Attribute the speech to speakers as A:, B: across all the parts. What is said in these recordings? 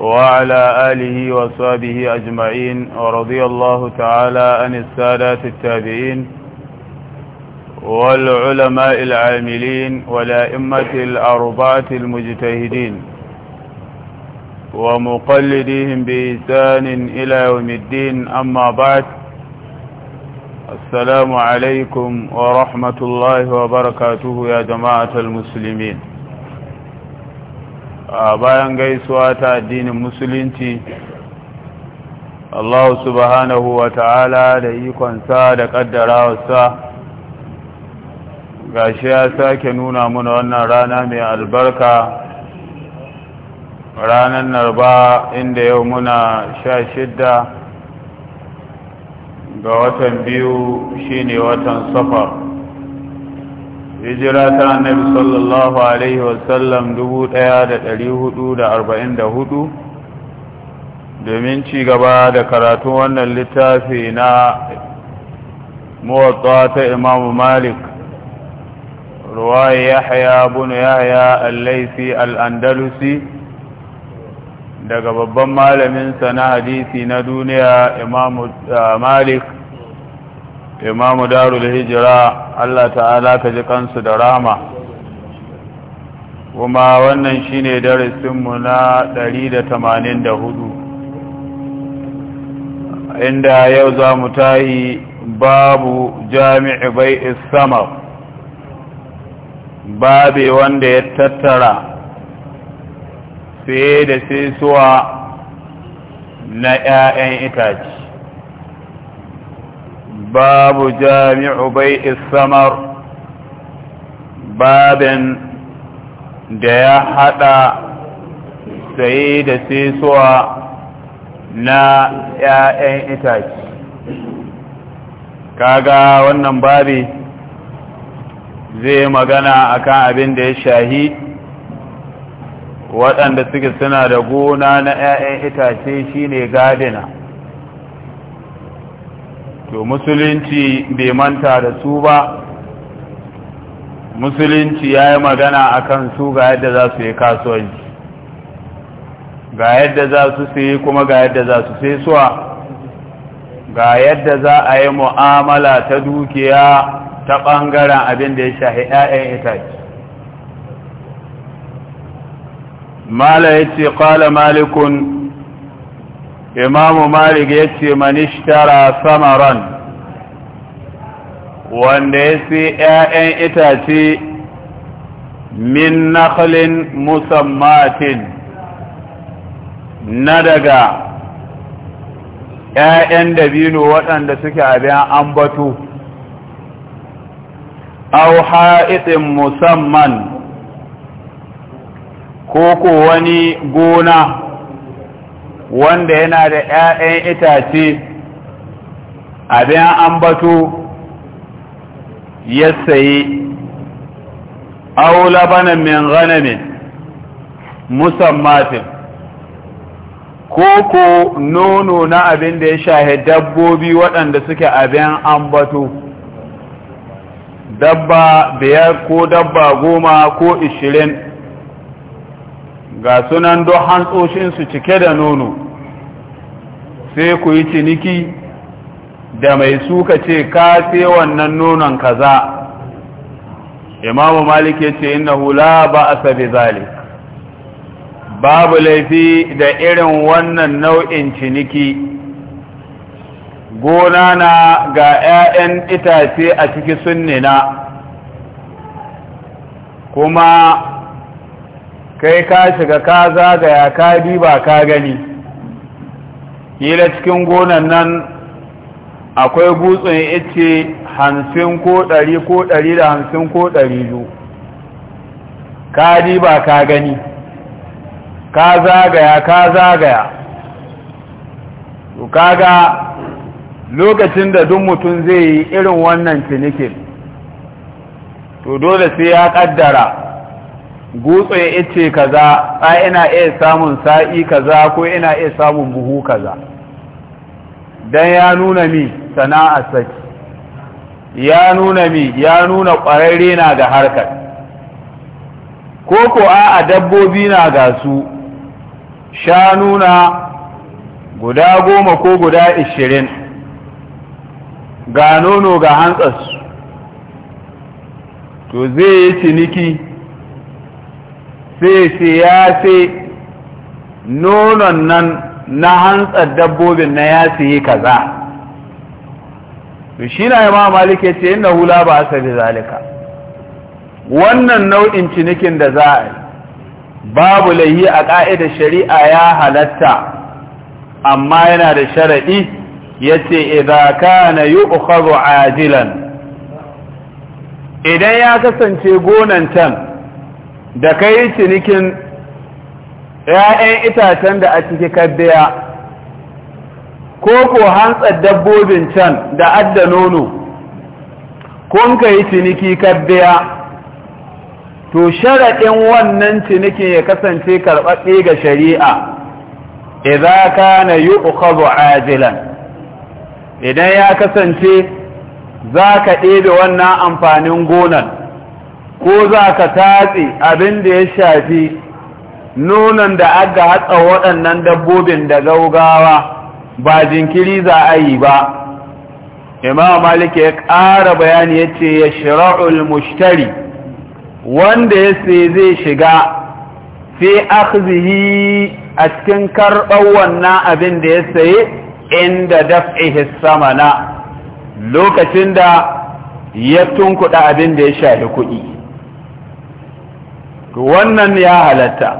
A: وعلى آله وصحبه أجمعين ورضي الله تعالى عن السادات التابعين والعلماء العاملين والأئمة الأربعة المجتهدين ومقلديهم بإحسان إلى يوم الدين أما بعد السلام عليكم ورحمة الله وبركاته يا جماعة المسلمين bayan gaisuwa ta addinin musulunci Allah subhanahu wa ta'ala da ikonsa da wasa ga shi ya sake nuna muna wannan rana mai albarka ranar narba inda yau muna sha shidda ga watan biyu shine watan safar hijira ta annabi sallallahu alaihi wasallam 1444 domin ci gaba da karatun wannan littafi na muwatta ta imam malik ruwaye yahya bin yahya al al-andalusi daga babban malaminsa na hadisi na duniya imam eh, malik imamu darul hijira Allah ta'ala ka ji kansu da rama kuma wannan shine mu na 184 inda yau za mu tahi babu jami'i bai samar Babu wanda ya tattara fiye da sisuwa na 'ya'yan itace باب جامع بيع الثمر باب ديا حدا سيد سيسوى نا يا إتاج kaga wannan babi zai magana akan abin da ya shahi waɗanda suke suna da gona na 'ya'yan itace shine gadina to musulunci bai manta da su ba musulunci ya yi magana a kan su ga yadda za su yi kasuwanci ga yadda za su sayi kuma ga yadda za su sai suwa ga yadda za a yi mu'amala ta dukiya ta ɓangaren abin da ya shahi 'ya'yan itace mala ya ce ƙwala malikun imamu malik ya ce manishtara samaran wanda ya sai 'ya'yan itace min nakhlin musammatin na daga ‘ya'yan dabino waɗanda suke abin ambato, au ha'itin musamman ko ko wani gona wanda yana da ‘ya'yan itace abin ambato ya sayi aula bana min ganami musammatin koko nono na abin da ya shahe dabbobi waɗanda suke abin ambato dabba biyar ko dabba goma ko ishirin ga sunan don hantsoshinsu cike da nono sai ku yi ciniki da mai suka ce ka sai wannan nonon kaza imamu malik ya ce inna hula ba a sabi zali babu laifi da irin wannan nau'in ciniki gona na ga 'ya'yan itace a ciki sunnina kuma kai ka shiga ka zagaya ka diba ka gani kila cikin gonan nan akwai gutsun ice hamsin ko ɗari ko ɗari da hamsin ko ɗari biyu ka diba ka gani ka zagaya ka zagaya to kaga lokacin da duk mutum zai yi irin wannan cinikin to dole sai ya kaddara gutse ice kaza a ina iya samun sa'i kaza ko ina iya samun buhu kaza dan ya nuna mi sana'a saki ya nuna mi ya nuna ƙwararre na ga harkar ko ko a dabbobi na ga su shanu na guda goma ko guda ishirin ga nono ga su. to zai yi ciniki sai ce ya ce nonon nan na hantsar dabbobin na ya yi kaza to shi na imam malik ya ce inna hula ba sabi zalika wannan nau'in cinikin da za a yi babu laihi a ƙa'idar shari'a ya halatta amma yana da sharaɗi ya ce idza kana yu'khadhu ajilan idan ya kasance gonan can da ka yi cinikin ‘ya'yan itacen da a ciki kabbiya ko ko hantsar dabbobin can da adda nono ko ka yi ciniki kabbiya to sharaɗin wannan cinikin ya kasance karɓaɓɓe ga shari'a idza kana yu'khadhu ajilan idan ya kasance zaka ɗebe wannan amfanin gonan ko za ka tatse abin da ya shafi nonon da aka hatsa waɗannan dabbobin da gaugawa ba jinkiri za a yi ba imam malik ya ƙara bayani ya ce ya shira'ul mushtari wanda ya sai zai shiga fi akhzihi a cikin karɓar wannan abin da ya saye inda daf'ihi samana lokacin da ya tunkuɗa abin da ya shafi kuɗi to wannan ya halatta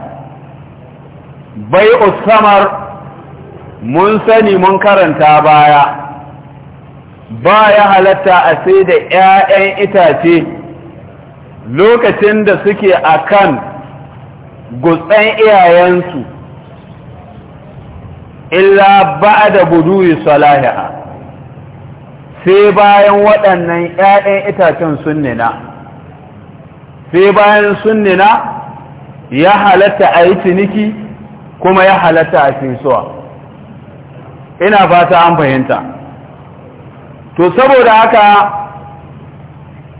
A: bai usamar mun sani mun karanta baya ba ya halatta a sai da 'ya'yan itace lokacin da suke akan gutsan iyayensu illa ba da salahiha sai bayan waɗannan 'ya'yan itacen sun nina sai bayan sunnina ya halatta a yi ciniki kuma ya halatta a finsuwa ina fata an fahimta to saboda haka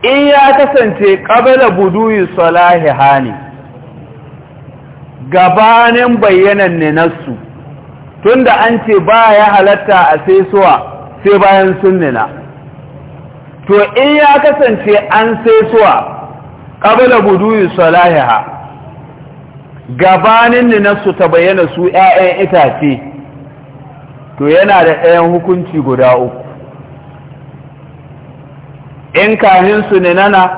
A: in ya kasance ƙabala buduyi salahi hani gabanin bayyanan ne nasu tunda an ce ba ya halatta a saisuwa sai bayan sunnina to in ya kasance an saisuwa qabla buduyi salahiha gabanin nasu ta bayyana su yayan itace to yana da ɗayan hukunci guda uku in kahin su ne nana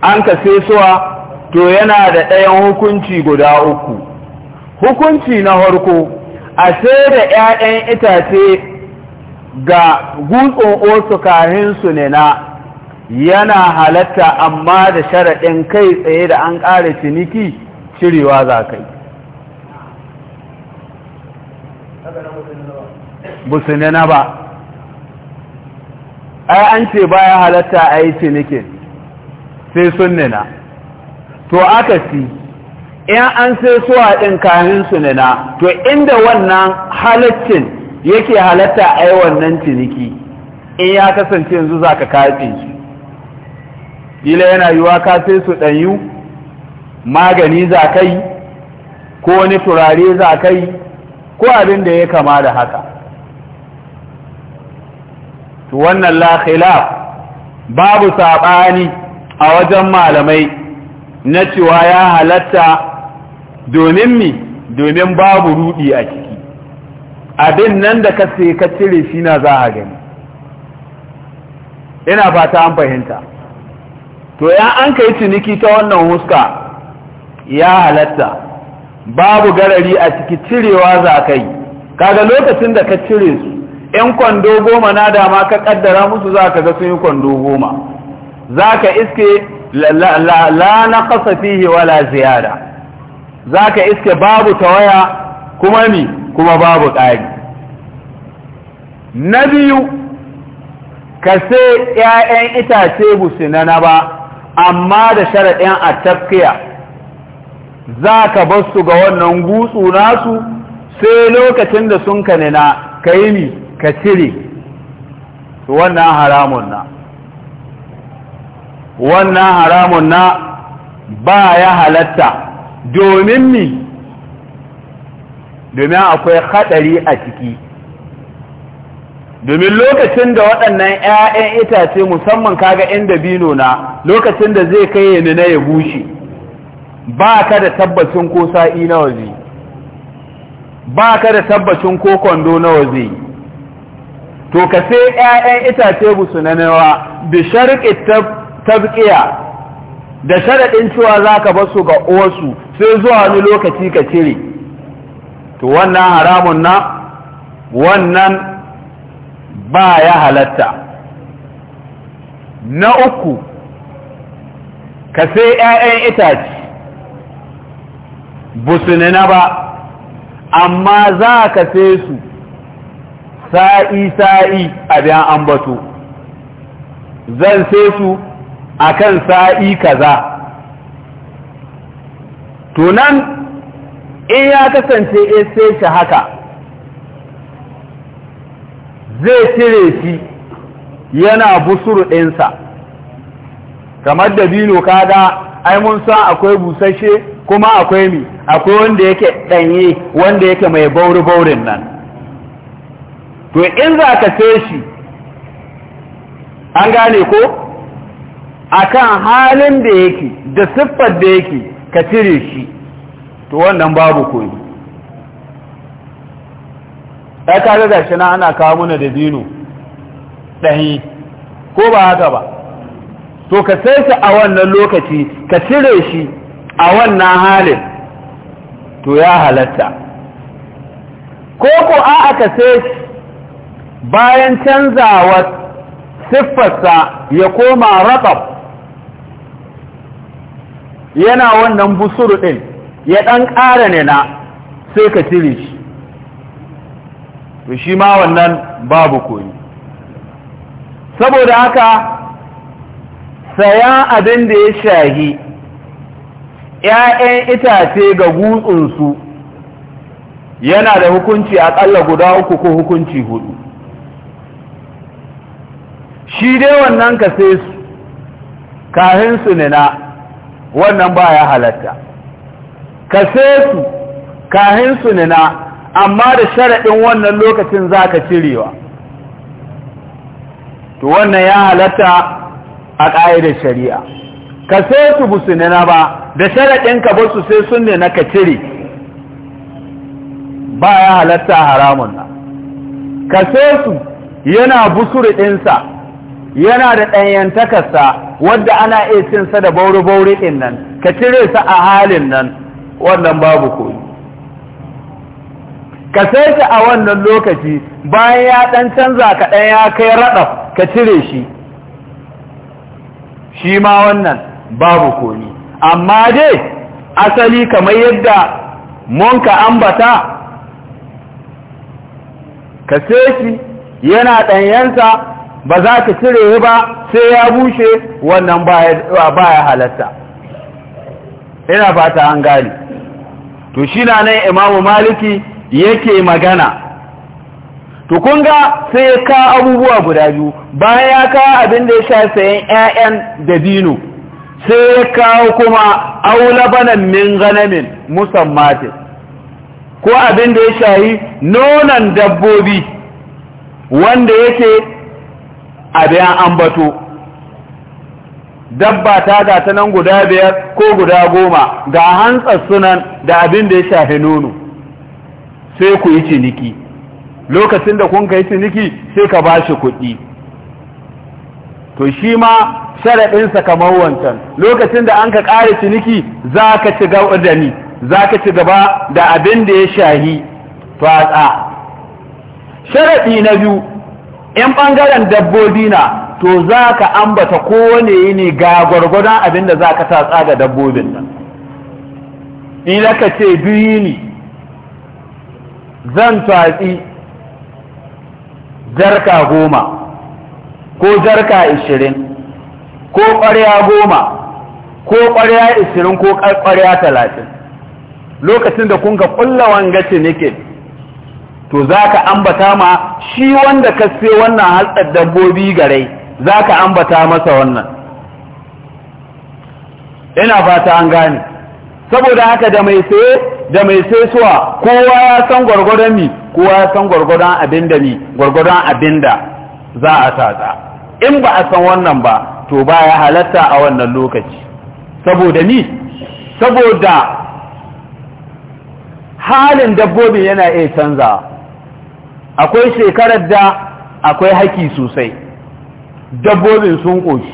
A: an ka suwa to yana da ɗayan hukunci guda uku hukunci na harko a sai da ‘ya'yan itace ga gutsun osu kahin su ne na yana halatta amma da sharaɗin kai tsaye da an ƙare ciniki cirewa za ka yi busine na ba ai an ce baya halatta a yi cinikin sai na to aka si in an sai suwa ɗin kayan na to inda wannan halaccin yake halatta a yi wannan ciniki in ya kasance yanzu za ka kaɗe shi kila yana yiwa ka sai su ɗanyu magani za kai ko wani turare za kai ko abin da ya kama da haka to wannan la babu saɓani a wajen malamai na cewa ya halatta domin mi domin babu rudi a ciki abin nan da ka sai ka cire shi na za a gani ina fata an fahimta to ya an kai ciniki ta wannan huska ya halatta babu garari a ciki cirewa za kai kaga lokacin da ka cire su in kwando goma na dama ka kaddara musu za ka ga sun yi kwando goma za ka iske la na kasa fihi wala ziyara za ka iske babu ta waya kuma ni kuma babu ƙari na biyu ka sai 'ya'yan itace na ba amma da sharaɗin a tafkiya za ka bar su ga wannan gutsu nasu sai lokacin da sun ka nina ka yi ni ka cire wannan haramun na wannan haramun na ba ya halatta domin ni domin akwai haɗari a ciki domin lokacin da waɗannan 'ya'yan itace musamman kaga inda dabino na lokacin da zai kai ya nuna ya bushe ba ka da tabbacin ko sa'i na waje ba ka da tabbacin ko kwando na waje to ka sai 'ya'yan itace busu na nawa da sharƙi tabƙiya da sharaɗin cewa za ka basu ga osu sai zuwa wani lokaci ka cire to wannan haramun na wannan ba ya halatta na uku ka sai 'ya'yan itace busunina ba amma za ka sai su sa'i sa'i a biyan ambato zan sai su a kan sa'i kaza tunan in ya kasance sai shi haka zai cire shi yana busur ɗinsa kamar da bino kaga ai mun sa akwai busashe kuma akwai mi akwai wanda yake ɗanye wanda yake mai bauri-baurin nan to in za ka ce shi
B: an gane ko
A: akan halin da yake da siffar da yake ka cire shi to wannan babu koyi ya kaga shi na ana kawo mana da bino ɗahi ko ba haka ba to ka sai shi a wannan lokaci ka cire shi a wannan halin to ya halatta ko ko a aka sai shi bayan canzawa siffarsa ya koma raƙab yana wannan busur ɗin ya ɗan ƙara ne na sai ka cire shi to shi ma wannan babu koyi saboda haka saya abin da ya shahi ‘ya'yan itace ga gutsunsu yana da hukunci aƙalla guda uku ko hukunci hudu shi dai wannan ka sai su kahin su na, wannan ba ya halatta ka sai su kahin su na. amma da sharaɗin wannan lokacin za ka cirewa to wannan ya halatta a ƙa'idar shari'a ka sai su busune na ba da sharaɗin ka basu sai sun ne na ka cire ba ya halatta haramun na ka sai su yana busuruɗinsa yana da ɗanyantakarsa wadda ana iya cinsa da bauri-bauri ɗin nan ka cire sa a halin nan wannan babu koyi ka sai shi a wannan lokaci bayan ya ɗan canza ka ɗan ya kai raɗa ka cire shi shi ma wannan babu komi amma dai asali kamar yadda mun ka ambata ka sai shi yana ɗanyensa ba za ka cire ba sai ya bushe wannan baya halatta ina fata an gani to shi na nan imamu maliki yake magana to kun ga sai ka abubuwa guda biyu bayan ya kawo abin da ya sha sayan 'ya'yan dabino sai ya kawo kuma aulabanan min ganamin musammatin ko abin da ya shayi nonon dabbobi wanda yake abin ambato dabba ta gata nan guda biyar ko guda goma ga hantsar sunan da abin da ya shafi nono sai ku yi ciniki lokacin da kun yi ciniki sai ka ba shi kuɗi to shi ma sharaɗinsa kamar wancan lokacin da an ka ƙare ciniki za ka ci gaba da ni za ka ci gaba da abin da ya shahi fatsa sharaɗi na biyu in ɓangaren dabbobi na to za ka ambata kowane yi ne ga gwargwadon abin da za ka tatsa ga dabbobin nan in ka ce biyu ne zan tatsi jarka goma ko jarka ishirin ko ƙwarya goma ko ƙwarya ishirin ko ƙwarya talatin lokacin da kun ƙulla wanga cinikin to za ka ambata ma shi wanda ka sai wannan hatsar dabbobi garai, za ka ambata masa wannan ina fata an gane saboda haka da mai saye da mai saisuwa kowa ya san gwargwadon mi kowa ya san gwargwadon abin da mi gwargwadon abin za a tsatsa in ba a san wannan ba to ba ya halatta a wannan lokaci saboda ni saboda halin dabbobi yana iya canza akwai shekarar da akwai haki sosai dabbobin sun ƙoshi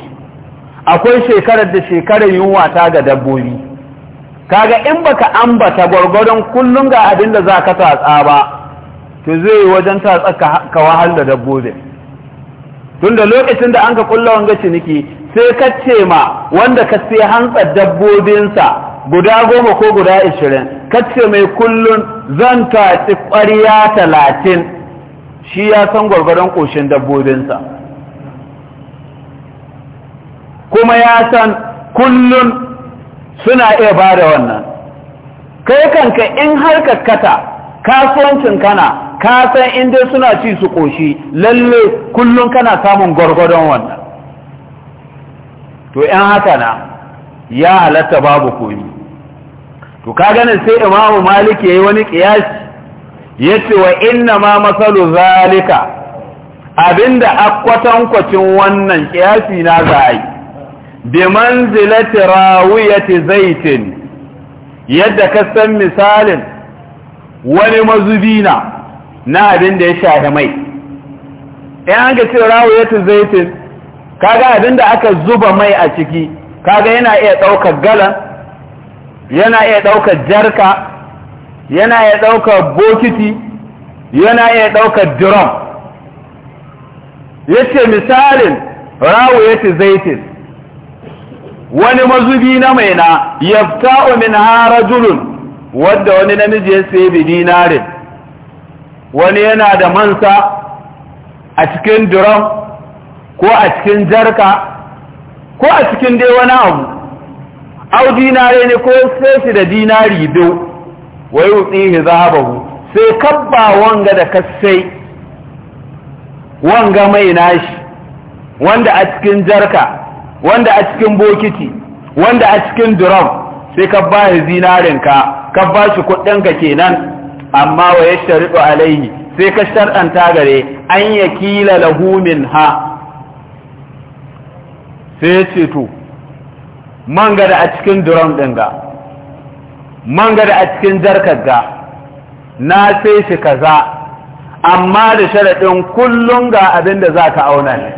A: akwai shekarar da shekarar yunwa ta ga dabbobi kaga in baka ambata gwargwadon kullum ga abin da za ka tatsa ba to zai wajen tatsa ka wahal da dabbobin tunda lokacin da an ka kulla wanga ciniki sai ka ce ma wanda ka sai hantsa dabbobinsa guda goma ko guda ishirin ka ce mai kullum zan tatsi ƙwariya talatin shi ya san gwargwadon ƙoshin dabbobinsa kuma ya san kullum suna iya ba da wannan kai kanka in har kakkata kasuwancin kana kasan san inda suna ci su koshi lalle kullum kana samun gwargwadon wannan to yan haka na ya halatta babu koyi to ka ganin sai imamu malik ya yi wani ya ce wa inna ma masalu zalika abinda akwatankwacin wannan kiyasi na za a yi bi manzilati rawiyati zaitin yadda ka san misalin wani mazubina na abin da ya shahi mai in an ga ce rawiyati zaitin kaga abin da aka zuba mai a ciki kaga yana iya ɗaukar galan yana iya ɗaukar jarka yana iya ɗaukar bokiti yana iya ɗaukar drum yace misalin rawiyati zaitin wani mazubi na maina yafta'u min harajulun wadda wani namiji ya sai bi dinarin wani yana da mansa a cikin duram ko a cikin jarka ko a cikin dai wani abu au dinare ne ko sai shi da dinari biyu wai utsihi zahabahu sai kabba wanga da kassai wanga mai nashi wanda a cikin jarka wanda a cikin bokiti wanda a cikin drum sai ka ba shi zinarinka ka ba shi kuɗinka kenan amma wa ya shariɗu alaihi sai ka shar'anta gare an ya kila lahumin ha sai ya ce to man gada a cikin drum ɗin ga man gada a cikin jarkar ga na sai shi kaza amma da sharaɗin kullum ga abin da za ka auna ne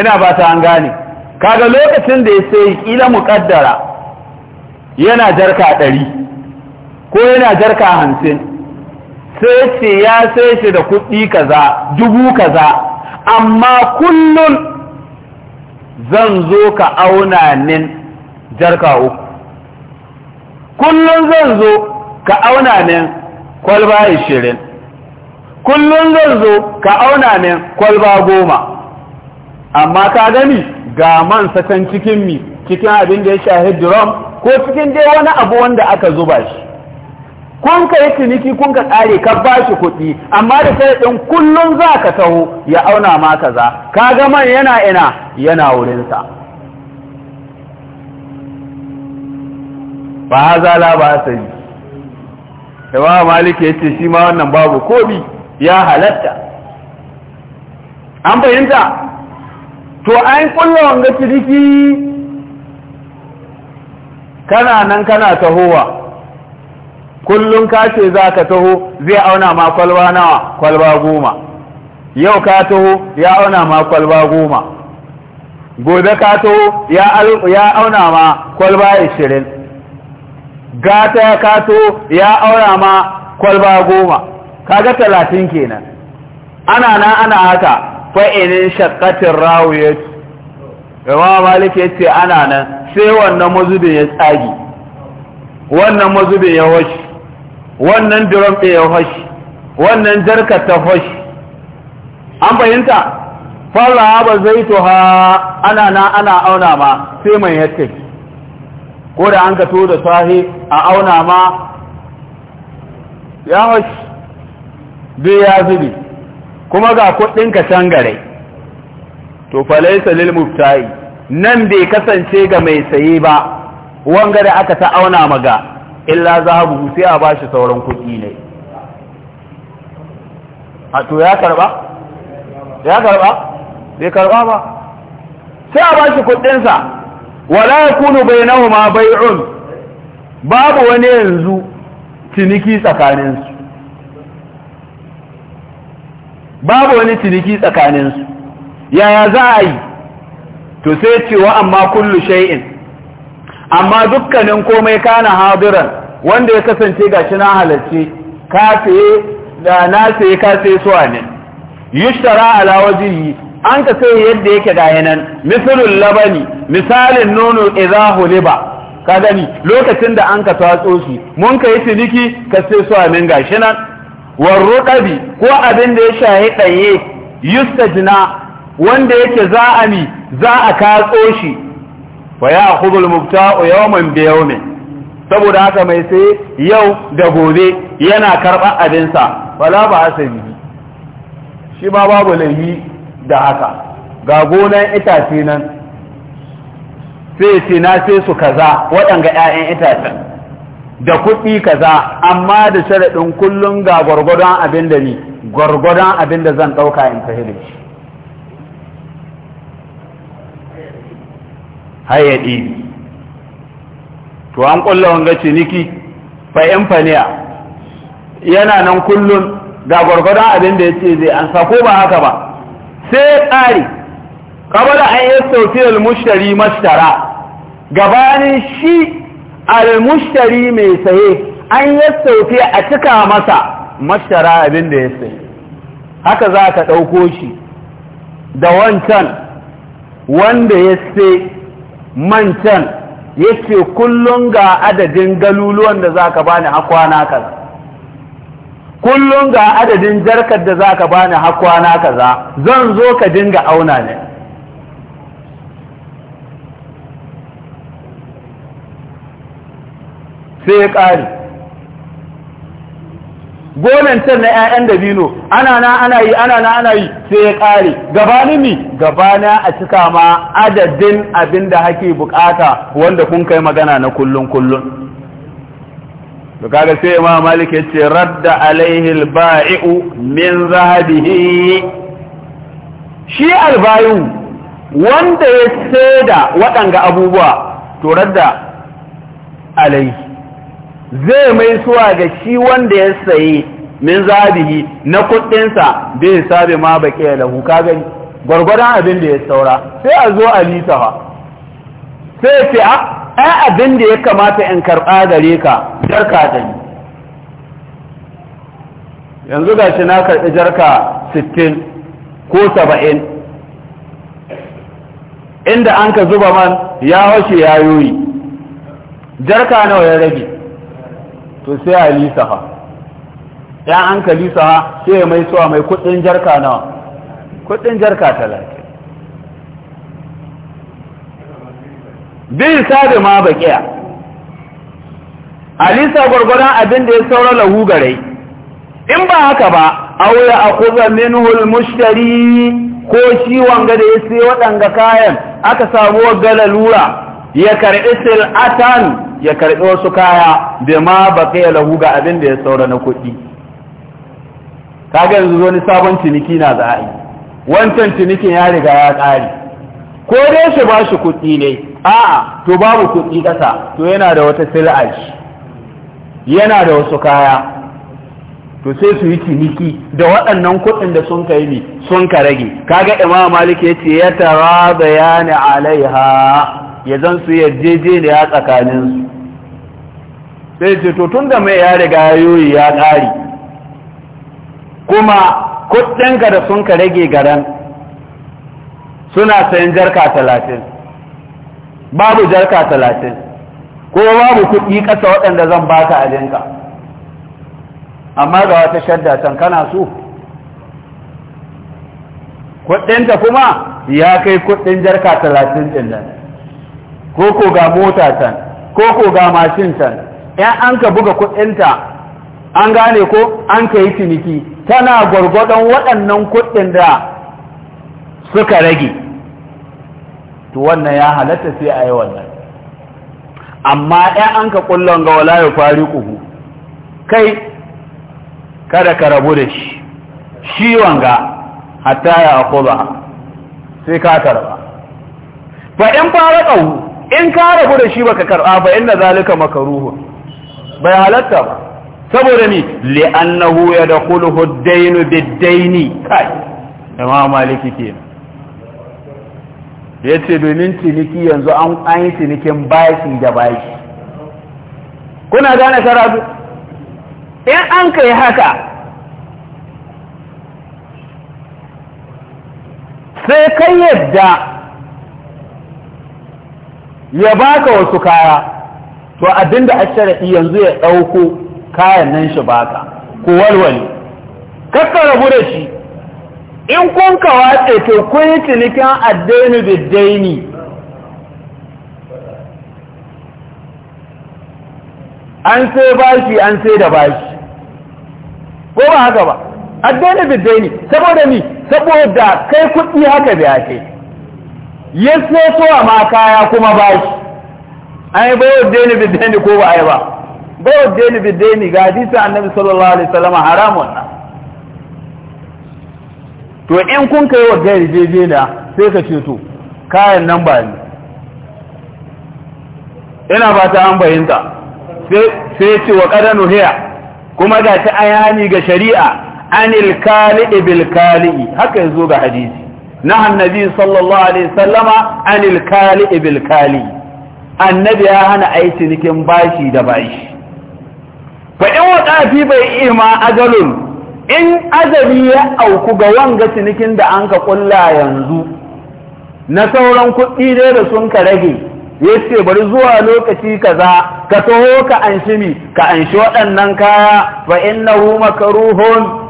A: ina ba ta an gane kaga lokacin da ya sai kila muƙaddara yana jarka ɗari ko yana jarka hamsin sai ce ya sai shi da kuɗi kaza dubu kaza amma kullum zan zo ka auna nin jarka uku kullum zan zo ka auna min kwalba 20 kullum zan zo ka auna min kwalba goma amma ka gani ga man sakan cikin mi cikin abin da ya shahi drum ko cikin dai wani abu wanda aka zuba shi kun ka yi ciniki kun ka tsare ka ba shi kuɗi amma da sai ɗin kullum za ka taho ya auna ma kaza ka ga man yana ina yana wurinsa ba haza la ba sani imam malik ya ce shi ma wannan babu kobi ya halatta an fahimta to ai kulla wanga ciniki kana nan kana tahowa kullum ka ce za ka taho zai auna ma kwalba nawa kwalba goma yau ka taho ya auna ma kwalba goma gobe ka taho ya auna ma kwalba ashirin gata ka taho ya auna ma kwalba goma kaga talatin kenan ana na ana haka fa'inin ya rawiyat imam malik ya ce ana nan sai wannan mazubin ya tsagi wannan mazubin ya hoshi wannan drum ya hoshi wannan jarkar ta hoshi an fahimta fara ba zai ha ana na ana auna ma sai mai yadda ko da an gato da sahi a auna ma ya hoshi duk ya zubi kuma ga kuɗinka can gare to falaisa lil muftai nan bai kasance ga mai saye ba wanga da aka ta auna maga illa zahabu sai a bashi sauran kuɗi ne a to ya karba ya karba bai karba ba sai a bashi kuɗinsa wala yakunu bainahuma bai'un babu wani yanzu ciniki tsakaninsu babu wani ciniki tsakaninsu yaya za a yi to sai cewa amma kullu shay'in amma dukkanin komai kana hadiran wanda ya kasance gashi na halarci kafe da na sai ka saye ne yushtara ala wajihi an ka sai yadda yake ga yanan misalul labani misalin nono idza huliba ka gani lokacin da an ka tatso shi mun ka ciniki ka sai suwa min gashi nan warruqabi ko abin da ya shahi ɗanye yustajna wanda yake za a mi za a katso shi wa ya khudul mubta'u yawman bi yawmin saboda haka mai sai yau da gobe yana abin abinsa wala ba asabi shi ba babu laifi da haka ga gonan itace nan sai na sai su kaza waɗanga ƴaƴan itacen da kuɗi kaza amma da sharaɗin kullum ga gwargwadon abin da ni gwargwadon abin da zan ɗauka in ta hirin shi hayaɗi to an ƙulla wanga ciniki ne faniya yana nan kullum ga gwargwadon abin da ya ce zai an sako ba haka ba sai ya ƙari ƙabala an yi sautiyar mushtari mashtara gabanin shi almushtari mai saye an sauke a cika masa mashara abin da ya saye haka za ka ɗauko shi da wancan wanda ya sai mancan ya ce kullum ga adadin galuluwan da za ka bani hakwana kaza kullum ga adadin jarkar da za ka bani hakwana kaza zan zo ka dinga auna ne sai ya ƙare gonan can na 'ya'yan dabino ana na ana yi ana na ana yi sai ya ƙare gabanin mi gabana a cika ma adadin abin da hake bukata wanda kun kai magana na kullun kullun to kaga sai ma malik yace radda alaihi al-ba'i'u min zahabihi shi albayu wanda ya saida waɗanga abubuwa to radda alaihi zai mai suwa ga shi wanda ya saye min zabihi na kuɗinsa bai sabi ma da lahu ka gani gwargwadon abin da ya saura sai a zo a lisafa sai ce a ah, ai abin da ya kamata in karɓa gare ka jarka da ni yanzu ga shi na karɓi jarka sittin ko saba'in inda an ka zuba man ya hoshe ya yoyi jarka nawa ya rage to sai a ha ya an ka ha sai ya mai suwa mai kudin jarka nawa kudin jarka talatin bin sabi ma baƙiya a lisa gwargwaron abin da ya saura lahu gare in ba haka ba a wuya a kuza minuhul mushtari ko shi wanga da ya sai waɗanga kayan aka samu wa lalura ya karɓi sil'atan ya karɓi wasu kaya bai ma ba kai lahu ga abin da ya saura na kuɗi kaga yanzu wani sabon ciniki na za a yi wancan cinikin ya riga ya ƙare ko dai shi ba shi kuɗi ne a'a to babu kuɗi ƙasa to yana da wata sil'a yana da wasu kaya to sai su yi ciniki da waɗannan kuɗin da sun kai ne sun ka rage kaga imam malik ya ce ya tara bayani alaiha ya zan su ne a tsakaninsu. sai ce to tun da mai ya riga yoyi ya ƙari kuma kuɗinka da sun ka rage garan suna sayan jarka talatin babu jarka talatin ko babu kuɗi ƙasa waɗanda zan ba ka ajinka amma ga wata shadda can kana so kuɗinta kuma ya kai kuɗin jarka talatin ɗin nan ko ko ga mota can ko ko ga mashin can ‘ya’an ka buga kuɗinta an gane ko an ka yi ciniki tana gwargwadon waɗannan kuɗin da suka rage to wannan ya halatta sai a yi wannan amma ‘ya’an ka ƙullon ga wala ya kwari ƙuhu kai kada ka rabu da shi shi wanga hatta ya ba sai ka karba fa in fara ƙau in ka rabu da shi baka karba fa inda zalika makaruhu bai halatta ba saboda ni li'annahu yadkhuluhu ad-dayn bid-dayn kai imam maliki kenan yace domin ciniki yanzu an yi cinikin bashi da bashi kuna gane karatu in an kai haka sai kai yadda ya baka wasu kaya to abinda a sharaɗi yanzu ya ɗauko kayan nan shi baka ko walwale kakka rabu da shi in kun ka watse to kun yi cinikin addini biddaini an sai bashi an sai da bashi ko ba haka ba addini biddaini saboda ni saboda kai kuɗi haka biya kai ya sai so ma kaya kuma bashi ai bai wadda daini bi daini ko ba ai ba bai wadda daini bi daini ga hadisi annabi sallallahu alaihi wasallam haram wannan to in kun kai wa je je da sai ka ce to kayan nan ba ne ina ba ta an bayinta sai ce wa qadanu hiya kuma ga ta ayani ga shari'a anil kali bil kali haka yazo ga hadisi na annabi sallallahu alaihi wasallama anil kali bil kali annabi ya hana a yi cinikin bashi da bashi fa in fi bai ima azalun in azali ya auku ga wanga cinikin da an ka ƙulla yanzu na sauran kuɗi dai da sun ka rage ya ce bari zuwa lokaci ka za ka taho ka anshi mi ka anshi waɗannan kaya fa innahu ruhun.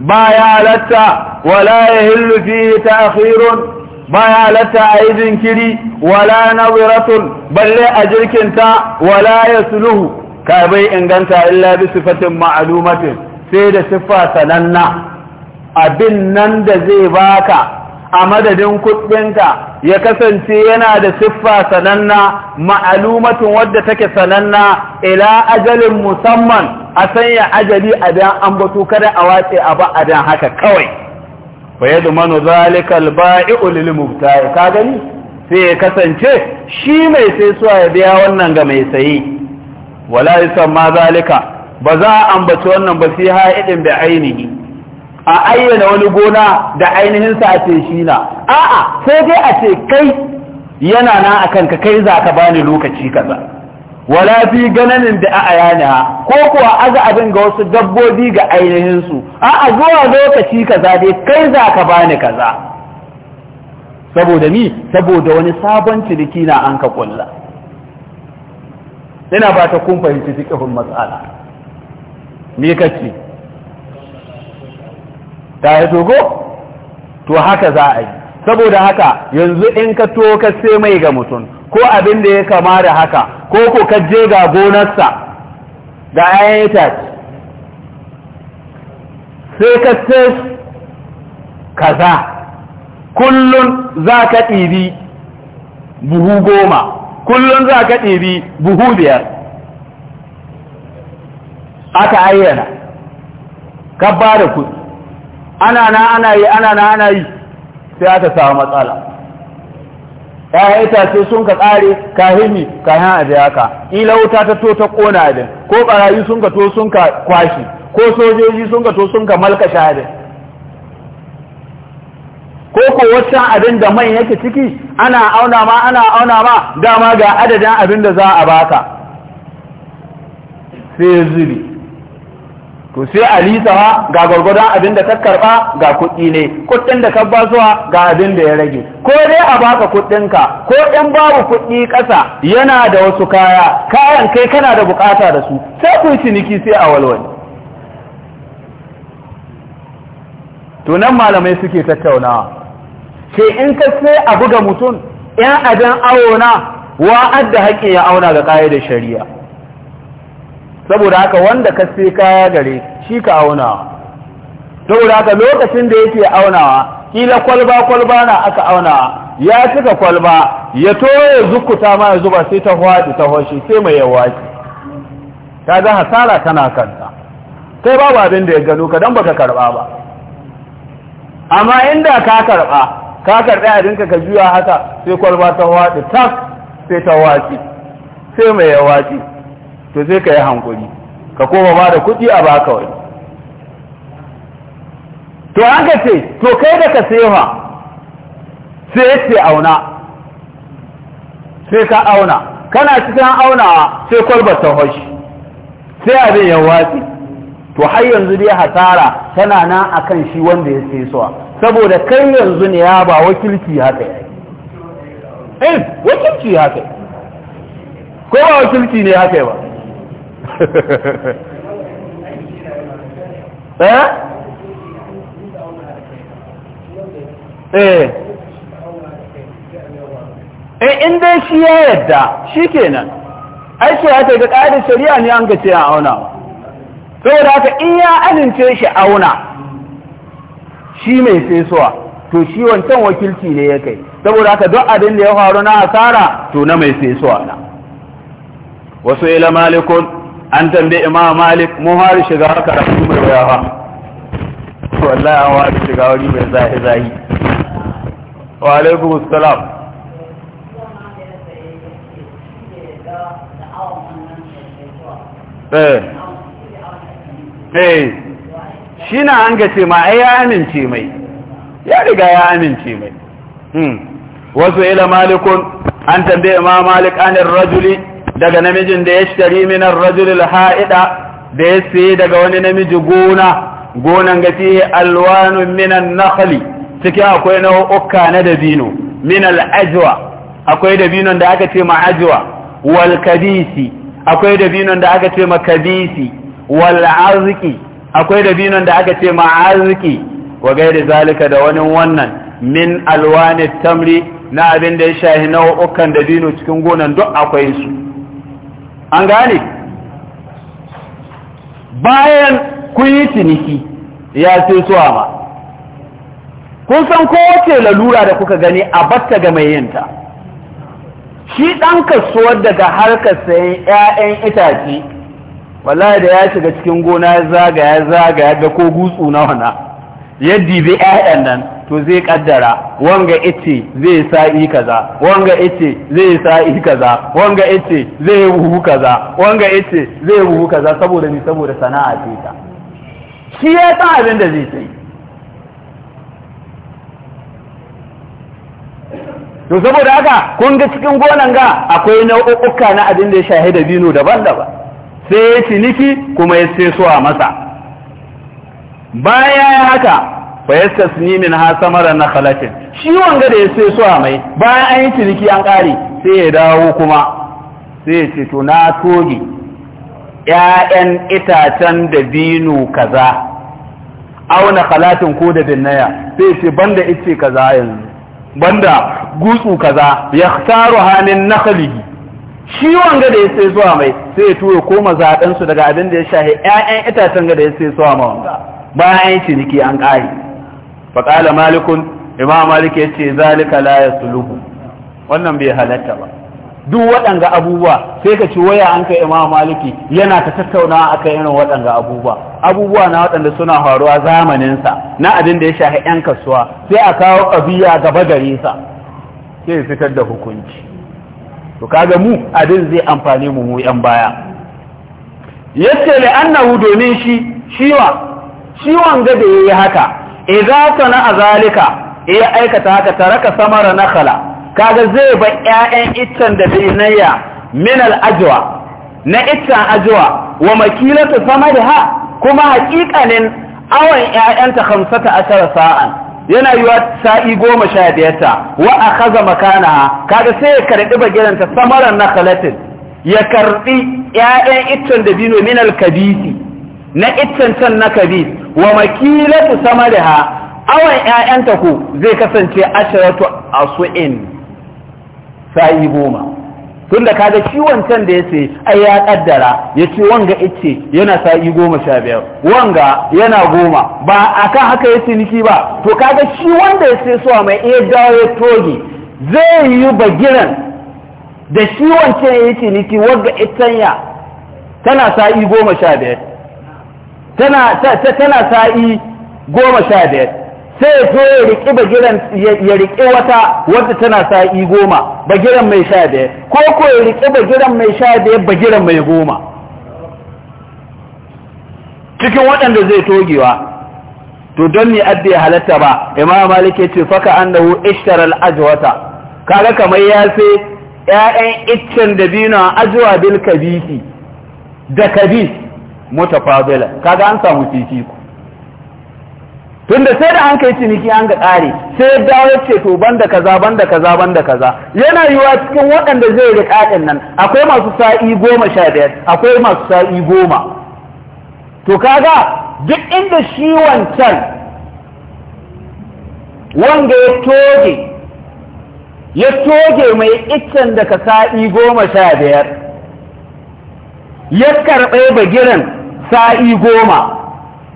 A: ba ya halatta wala ya fi ta akhirun baya halatta a yi jinkiri wala na wiratun balle a jirkinta wala ya suluhu ka bai inganta illa bi sifatin ma'alumatin sai da siffa sananna abin nan da zai baka a madadin kuɗinka ya kasance yana da siffa sananna ma'alumatin wadda take sananna ila ajalin musamman a sanya ajali a dan an batu kada a watse a ba a dan haka kawai fa manu zalikal baiu lil mubta'i ka gani sai ya kasance shi mai sai suwa ya biya wannan ga mai sayi wala ma zalika ba za a ambaci wannan ba sai idin bi ainihi a ayyana wani gona da ainihin sa ce shi na a'a sai dai a ce kai yana na akan ka kai za ka bani lokaci kaza wala fi gananin da a ayana ko kuwa aza abin ga wasu dabbobi ga ainihin su a zuwa lokaci kaza dai kai za ka bani kaza saboda ni saboda wani sabon ciniki na an ka kulla ina ba ta kun fahimci fiqhul mas'ala me kace ta yi dogo to haka za a yi saboda haka yanzu in ka to ka sai mai ga mutum ko abin da ya kama da haka ko ko je ga gonarsa da ayan itace sai ka ce kaza kullum za ka ɗiri buhu goma kullum za ka ɗiri buhu biyar aka ayyana ka ba da kuɗi ana na ana yi ana na ana yi sai aka samu matsala ƴaƴan itace sun ka tsare kahimi kayan aje haka ila wuta ta to ta kona abin ko barayi sun ka to sun ka kwashi ko sojoji sun ka to sun ka malka shahada ko ko wata abin da man yake ciki ana auna ma ana auna ma dama ga adadin abin da za a baka sai zuri to sai a lisawa ga gwargwadon abin da ka karba ga kuɗi ne kuɗin da ka ba zuwa ga abin da ya rage ko dai a baka kuɗinka ko in babu kuɗi ƙasa yana da wasu kaya kayan kai kana da bukata da su sai ku ciniki sai a walwali to nan malamai suke tattaunawa Ke in ka sai a buga mutum yan abin awo na wa'ad da haƙƙin ya auna ga da shari'a saboda haka wanda ka sai kaya gare shi ka aunawa saboda haka lokacin da yake aunawa kila kwalba kwalba na aka aunawa ya cika kwalba ya toye zukuta ma ya zuba sai ta hwaɗi ta hwashi sai mai yawa ta ga hasara tana kanta kai babu abin da ya gano ka don baka karba ba amma inda ka karba ka karɓi abinka ka juya haka sai kwalba ta hwaɗi tak, sai ta waci sai mai yawa to sai ka yi hankuri ka koma ba da kudi a baka wani to an ka ce to kai da ka sefa sai ce auna sai ka auna kana cikin aunawa sai kwalba ta hoshi sai abin ya watsi to har yanzu dai hasara tana nan akan shi wanda ya sai suwa saboda kai yanzu ne ya ba wakilci haka ya yi eh, wakilci haka ko ba wakilci ne haka ba Eh? Eh. eh in dai shi ya yadda shi kenan ai ce haka ga ƙa'idar shari'a ne an gace a auna da haka in ya alince shi auna shi mai fesuwa to shi wancan wakilci ne ya kai saboda haka duk abin da ya faru na asara to na mai fesuwa na wasu ila malikun an tambaye imam malik mun hari shiga karatu mai waya ba wallahi an hari shiga wani mai zahi zahi wa alaikum assalam eh eh shi na an gace ma ai ya amince mai ya riga ya amince mai hmm. wasu ila malikun an tambaye imam malik anir rajuli daga namijin da ya shari minar rajulul ha'ida da ya sayi daga wani namiji gona gonan ga fiye alwanun minan nakhli cikin akwai nau'uka na dabino minal ajwa akwai dabinon da aka ce ma ajwa wal kadisi akwai dabinon da aka ce ma kadisi wal arziki akwai dabinon da aka ce ma arziki wa gaida zalika da wani wannan min alwani tamri na abin da ya shahi nau'ukan dabino cikin gonan duk akwai su an gane bayan kun yi ciniki ya ce suwa ma kun san kowace lalura da kuka gani a batta ga mai yinta shi ɗan kasuwar daga harkar sayan 'ya'yan itace wallahi da ya shiga cikin gona zagaya-zagaya ya ga ko gutsu na wana yadda bi ƴaƴan nan to zai kaddara wanga ice zai sa'i kaza wanga ice zai sa'i kaza wanga ice zai buhu kaza wanga ice zai buhu kaza saboda ni saboda sana'a ce ta shi ya ta abin da zai yi. to saboda haka kun ga cikin gonan ga akwai nau'uka na abin da ya shahida da bino daban-daban sai ya ciniki kuma ya sai suwa masa baya ya haka fa yastasni min ha samara na khalatin shi wanga da ya sai a mai bayan an yi ciniki an kare sai ya dawo kuma sai ya ce to na toge ƴaƴan itacen da binu kaza auna khalatin ko da binnaya sai ce banda ice kaza yanzu banda gutsu kaza Ya hannun na nakhlihi shi wanga da ya sai zuwa mai sai ya tura koma zaɓensu daga abin da ya shahe ‘ya'yan itacen ga da ya sai zuwa ma wanga bayan ciniki an ƙari faƙala malikun imam malik ya ce zalika la ya wannan bai halatta ba duk waɗanga abubuwa sai ka ci waya an kai imam maliki yana ta tattauna a kan irin waɗanga abubuwa abubuwa na waɗanda suna faruwa zamaninsa na abin da ya shafi 'yan kasuwa sai a kawo ƙabiya gaba gare sa sai fitar da hukunci to kaga mu abin zai amfane mu mu 'yan baya yace li annahu domin shi shiwa Ciwon gado ya yayi haka idza sana azalika ya aikata haka raka samara nakhala kaga zai ba ƴaƴan iccen da binayya min al ajwa na iccen ajwa wa makilatu ha? kuma haƙiƙanin awon hamsata 15 sa'an yana yiwa sa'i goma sha biyarta wa a kaza makana kaga sai ya karɓi bagiranta samaran na kalatin ya karɓi ‘ya'yan iccen da bino min alkabisi na can na kabi wa makilatu ha awan ƴaƴanta ku zai kasance asharatu asu'in sa'i goma tun da kaga shi wancan da ya ce ai ya kaddara ya ce wanga ice yana sa'i goma sha biyar wanga yana goma ba akan haka ya ciniki ba to kaga shi wanda ya ce suwa mai iya dawo ya toge zai yi bagiran da shi wancan ya ciniki wanga itanya tana sa'i goma sha biyar tana tana sa'i goma sha biyar sai ya zo ya riƙi bagiran ya riƙi wata wadda tana sa'i goma bagiran mai sha biyar ko ko ya riƙi bagiran mai sha biyar bagiran mai goma cikin waɗanda zai togewa to don ni adda ya halatta ba imam malik ce faka annahu ishtara ajwata kaga kamar ya sai 'ya'yan iccen dabino ajwa bil kabisi da kabi mutafadila kaga an samu fifiko tunda sai da an kai ciniki an ga ƙare sai dawo ce to banda kaza banda kaza banda kaza yana yiwa cikin waɗanda zai riƙa ɗin nan akwai masu sa'i goma sha biyar akwai masu sa'i goma to kaga duk inda shi wancan wanda ya toge ya toge mai iccen daga sa'i goma sha biyar ya karɓe bagiran sa'i goma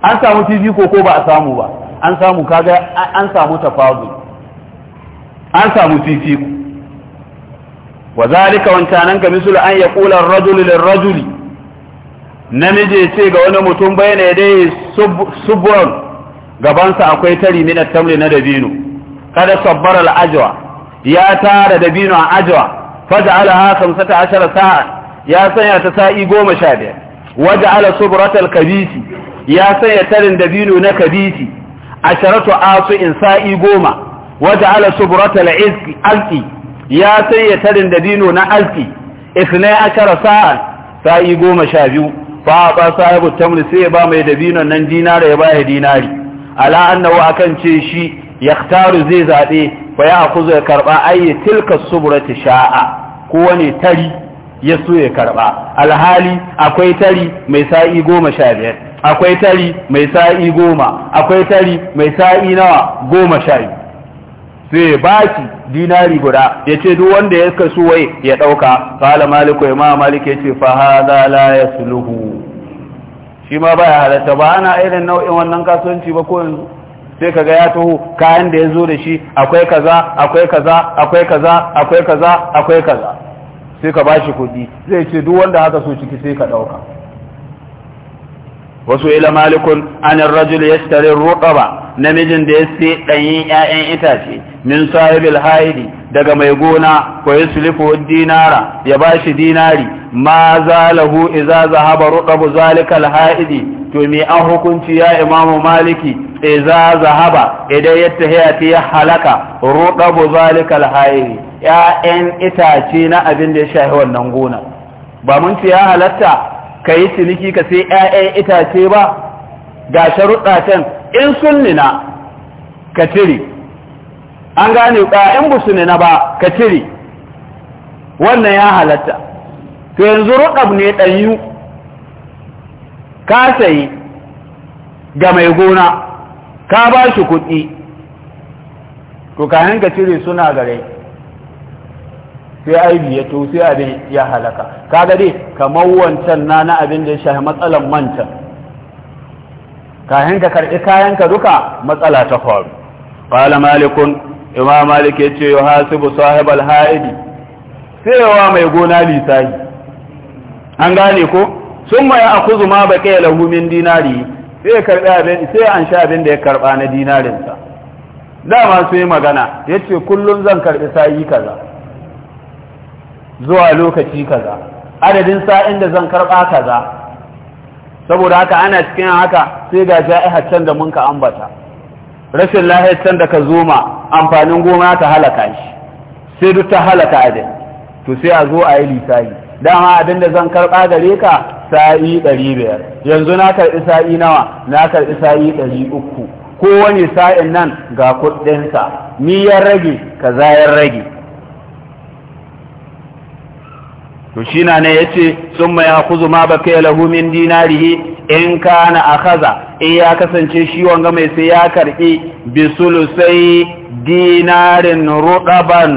A: an samu fifiko ko ba a samu ba an samu kaga an samu tafazu an samu fifiko wa zalika wancanan ga misul an ya kula rajuli lil rajuli namiji ce ga wani mutum bayyana ya dai gaban gabansa akwai tari min tamri na dabino kada sabbara al ajwa ya tara dabino a ajwa faja'alaha 15 sa'a ya sanya ta sa'i goma sha biyar waje ala subratal kabisi ya sanya tarin dabino na kabisi asharatu asu in sa'i goma waje ala subratal alki ya sanya tarin dabino na alki a ashara sa'a, sa'i goma sha biyu fa ba sahibu tamri sai ya ba mai dabinon nan dinara ya baya dinari ala annahu akan ce shi yaktaru zai zabe fa ya akuzu ya karba ayi tilka subrata sha'a ko wani tari ya so ya karba alhali akwai tari mai sa'i goma sha biyar akwai tari mai sa'i goma akwai tari mai sa'i nawa goma sha biyu sai baki dinari guda ya ce duk wanda ya kasu wai ya ɗauka fahala maliku ya ma malik ya ce fa la ya suluhu shi ma baya halatta ba ana irin nau'in wannan kasuwanci ba ko yanzu sai ka ga ya taho kayan da ya zo da shi akwai kaza akwai kaza akwai kaza akwai kaza akwai kaza sai ka bashi kuɗi zai ce duk wanda haka so ciki sai ka ɗauka wasu ila malikun anin rajul ya tare ruɗaba namijin da ya sai ɗanyen 'ya'yan itace min sahibil haidi daga mai gona ko ya sulifu dinara ya bashi dinari ma zalahu iza zahaba ruɗabu zalikal haidi to me an hukunci ya imamu maliki iza zahaba idan ya ta ya halaka ruɗabu zalikal haidi 'ya'yan itace na abin da ya shahi wannan gona ba mun ce ya halatta ka yi ciniki ka sai 'ya'yan itace ba ga sharuɗa can in sun nina ka cire an gane in ba su nina ba ka cire wannan ya halatta to yanzu ruɗab ne ɗanyu ka sayi ga mai gona ka ba shi kuɗi to kayan ka cire suna gare sai aibi ya to sai abin ya halaka kaga dai kamar wancan na na abin da ya shafi matsalan manta kayan ka karɓi kayan ka duka matsala ta faru qala malikun imam malik ya ce yuhasibu sahibal haidi sayawa mai gona lisahi an gane ko sun ma ya akuzu ma kai lahu min dinari sai karɓi abin sai an sha abin da ya karɓa na dinarinsa dama sun yi magana yace kullun zan karɓi sayi kaza zuwa lokaci kaza adadin sa'in da zan karɓa kaza saboda haka ana cikin haka sai ga ja'iha can da mun ka ambata rashin lahiyar can da ka zoma amfanin goma ta halaka shi sai duk ta halaka adin to sai a zo a yi lisani dama abin da zan karɓa gare ka sa'i ɗari yanzu na karɓi sa'i nawa na karɓi sa'i ɗari kowane sa'in nan ga kuɗinsa ni ya rage kaza yan rage to shi na ne ya ce sun ya kuzu ma ba kai lahu min dinarihi in ka na a kaza in ya kasance shi wanga mai sai ya karɓi bisulusai dinarin ruɗaban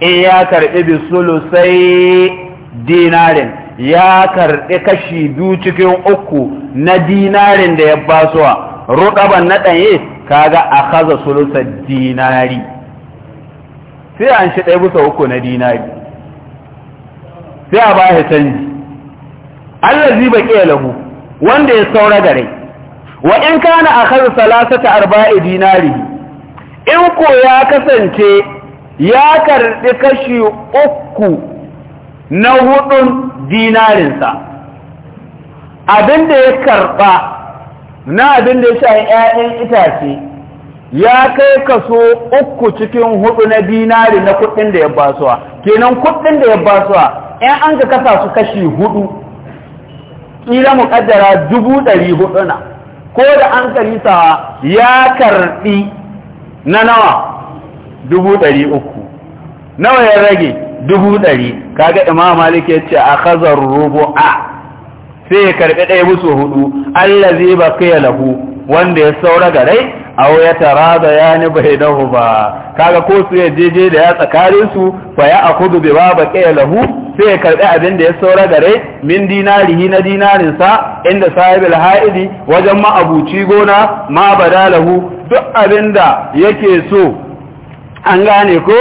A: in ya karɓi bisulusai dinarin ya karɓi kashi biyu cikin uku na dinarin da ya basuwa ruɗaban na ɗanye kaga a kaza sulusa dinari sai an shi ɗaya bisa uku na dinari sai a baya canji Allah allazi ya lahu wanda ya saura gare wa in kana akhar salasata arba'i dinari in ko ya kasance ya karbi kashi uku na hudun dinarinsa abinda ya karba na abinda ya sha ƴaƴan itace ya kai kaso uku cikin hudu na dinari na kuɗin da ya basuwa kenan kuɗin da ya basuwa in an ka kasa su kashi hudu ƙila mu ƙaddara dubu ɗari hudu ko da an karisa ya karɓi na nawa dubu ɗari uku nawa ya rage dubu ɗari kaga imam malik ya ce a kazar A. sai ya karɓi ɗaya musu hudu zai ba kai lahu wanda ya saura ga rai aw ya tarada yani ba kaga ko su yaje da ya tsakarin su fa ya akudu bi baba lahu sai ya karbi abin da ya saura gare min dinari hi na dinarin sa inda sahibul haidi wajen ma'abuci gona ma badalahu duk abin da yake so an gane ko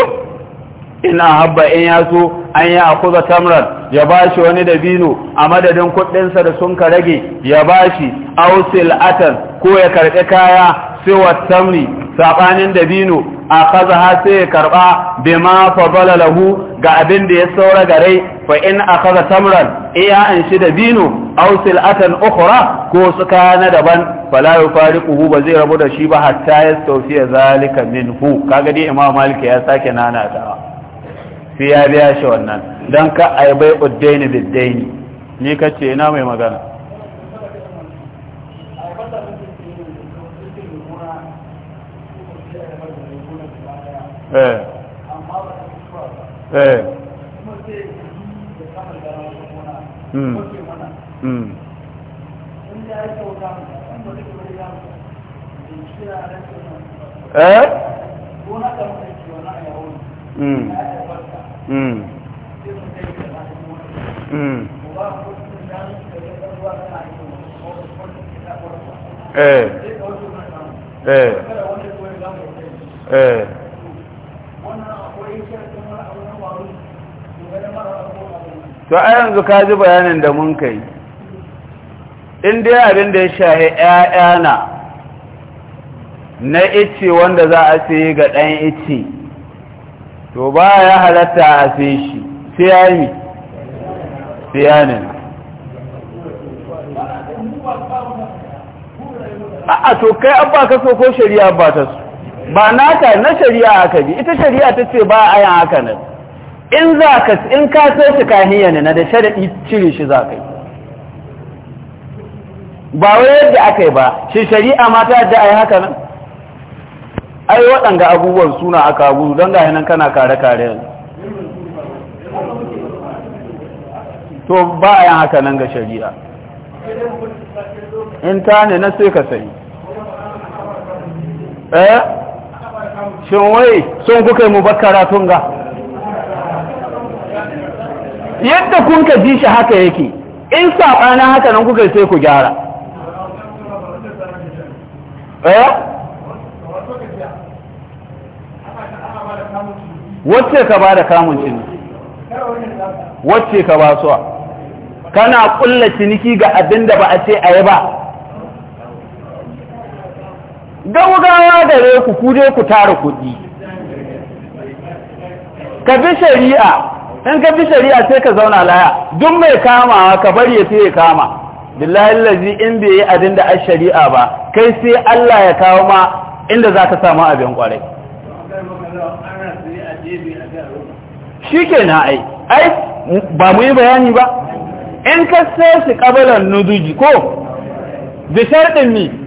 A: ina habba in ya so an yi akuza tamran ya bashi wani dabino a madadin kuɗinsa da sun ka rage ya bashi ausil atan ko ya karɓi kaya siwa tamri sabanin dabino a kaza ha sai ya karba ma fadala lahu ga abin da ya saura gare fa in akaza tamran iya an shi dabino aw sil'atan ukhra ko suka na daban fala yufariquhu ba zai rabu da shi ba hatta yastawfiya zalika minhu kaga dai imam malik ya sake nana ta sai ya biya shi wannan dan ka ai bai uddaini biddaini ni kace ina mai magana
B: eh eh mm mm eh mm mm mm eh eh
A: Eh. to a yanzu ka ji bayanin da mun kai in dai abin da ya shahe ‘ya'yana na ice wanda za a sayi ga ɗan ice to ba ya halatta a sayi shi siyami siyanin a to kai abba ka so ko shari'a ba ta su ba naka na shari'a aka bi ita shari'a ta ce ba ayan haka nan in za ka in ka so shi ka hiyar na da sharadi cire shi za ka yi ba wai yadda aka yi ba shi shari'a ma ta yadda ayi haka nan ai waɗanga abubuwan suna aka abu don ga nan kana kare kare yanzu to ba ayan haka nan ga shari'a
B: in ta ne na sai
A: ka sayi. eh shin wai sun kuka yi mubakkara ratun ga
B: yadda kun ka
A: ji shi haka yake in saɓana haka nan kuka sai ku gyara eh wacce ka ba da kamun ne wacce ka ba suwa kana ƙulla ciniki ga abin da ba a ce a yi ba gaugawa gare ku ku ku tara kudi ka bi shari'a in ka bi shari'a sai ka zauna laya duk mai kamawa ka bari ya ya kama billahi lalazi in bai yi abin da a shari'a ba kai sai Allah ya kawo ma inda za ka samu abin kwarai shi ke na ai ai ba mu yi bayani ba in ka sai shi kabalan nuduji ko da ɗin ni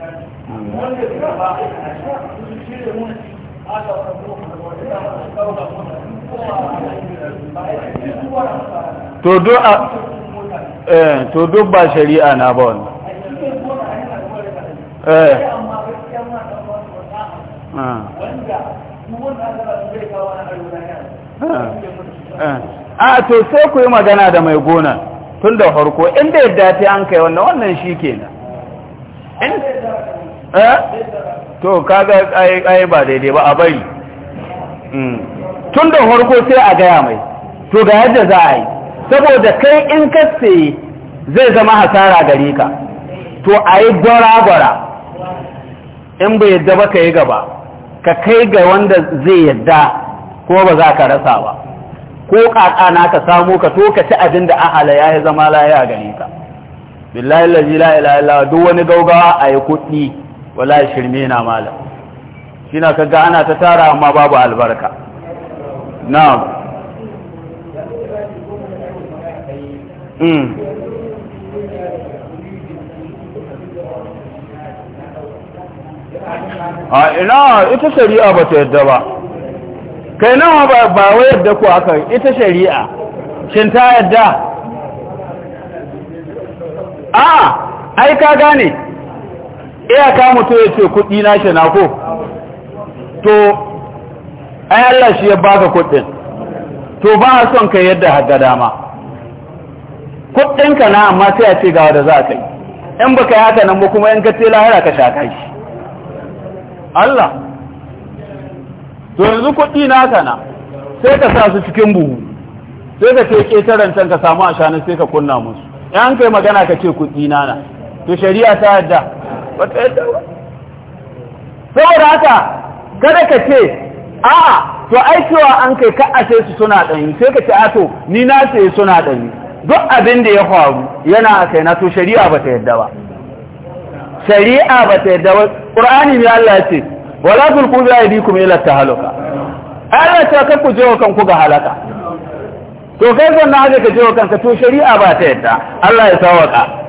B: to do eh, ba shari'a na ba wani. Eh. Ah. Ah.
A: Eh. a to sai ku yi magana da mai gona tun da farko inda yadda ta an kai wannan wannan shi na. Eh? to kaga ai ba daidai ba a bari mm. tun da farko sai a gaya mai to ga yadda za a yi saboda kai in ka zai zama hasara gare ka to a yi gwara-gwara in bai yadda ba ka yi gaba ka kai ga wanda zai yadda ko ba za ka rasa ba ko ƙaƙa na ka samu ka to ka ci abin da ahala ya yi zama a gare ka billahi lalila ila duk wani gaugawa a yi kuɗi wala shirme na malam shi na kaga ana ta tara amma babu albarka na'am
B: mm a ina
A: ita shari'a ba ta yadda ba kai nawa ba wa yadda ku aka ita shari'a shin ta yadda a ai ka gane iyaka mutu ya ce kuɗi na shi na ko to ai Allah shi ya baka kuɗin to ba a son ka yadda haga dama kuɗinka na amma sai a ce ga wanda za ka yi in baka yi haka nan ba kuma in ka ce lahira ka shaka shi Allah to yanzu kuɗi ka na sai ka sa su cikin buhu sai ka ce ƙetaren can ka samu a shanu sai ka kunna musu in an kai magana ka ce kuɗi na na to shari'a ta yadda saboda haka kada ka ce a'a to ai cewa an kai ka ashe su suna ɗanyi sai ka ce a to ni na ce suna ɗanyi duk abin da ya faru yana a kai na to shari'a ba ta yadda ba shari'a ba ta yadda ba ƙur'ani ne Allah ya ce wala yi bi aydikum ila halaka Allah ta kai ku je wa kanku ga halaka to kai na haka ka je wa kanka to shari'a ba ta yadda Allah ya sawaka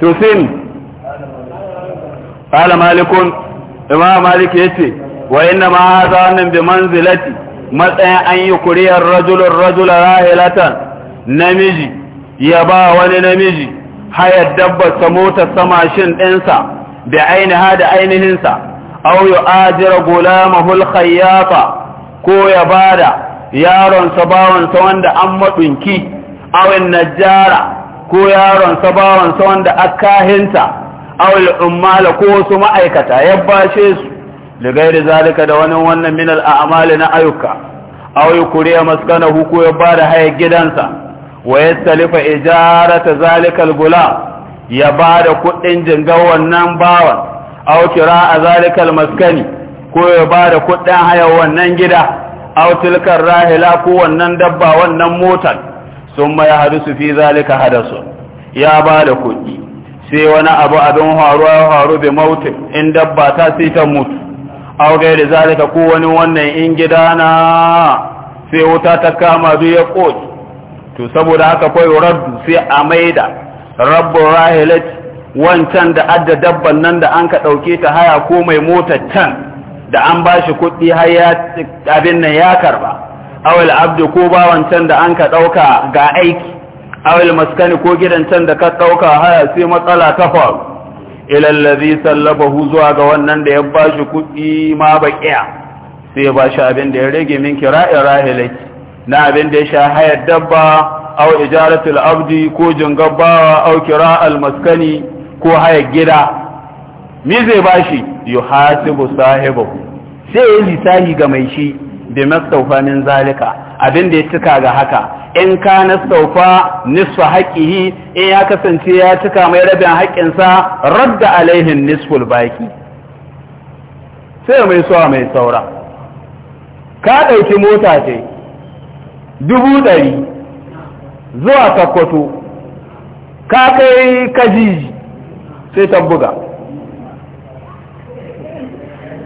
A: to sai qala malikun imam malik yace wa inna ma hadha wannan bi manzilati matsayin an yi kuriyar rajulun rajula rahilatan namiji ya ba wani namiji hayar dabbar ta motar sa mashin ɗinsa da ainiha da ainihinsa au yi ajira gulamahul khayyafa ko ya bada yaronsa bawansa wanda an maɗunki awin najjara ko yaron sabawansa wanda akahinta awul ummala ko wasu ma'aikata ya bashe su da zalika da wani wannan min al'amali na ayyuka aw kuriya maskana ko ya da haya gidansa wa yastalifa ijarata zalika gula ya ba da kuɗin jingar wannan bawan aw kira zalika maskani ko ya ba da kuɗin haya wannan gida aw tilkar rahila ko wannan dabba wannan motar sun mai su fi zalika hadasu ya ba da kuɗi sai wani abu abin haruwa ya haru bi mautin in dabba ta sai ta mutu au da zalika ko wani wannan in gida na sai wuta ta kama duk ya koki to saboda haka kai raddu sai a maida rabbul rahilat wancan da adda dabban nan da an ka dauke ta haya ko mai mota can da an bashi kuɗi har ya abin nan ya karba Awal abdu ko bawan can da an ka ɗauka ga aiki awal maskani ko gidan can da ka ɗauka haya sai matsala ta faru ilallazi sallabahu zuwa ga wannan da ya ba shi kuɗi ma baƙiya sai ya ba shi abin da ya rage min kira'in rahilai na abin da ya sha hayar dabba aw ijaratul abdi ko jingabbawa aw kira almaskani ko hayar gida me zai bashi yuhasibu Sahibu sai ya lisahi ga mai shi bi mastaufa min zalika abin da ya cika ga haka in ka nastaufa nisfa haƙihi in ya kasance ya cika mai rabin haƙƙinsa radda alaihin nisful baki sai mai suwa mai saura ka ɗauki mota ce dubu ɗari zuwa sakkwato ka kai kaji sai ta buga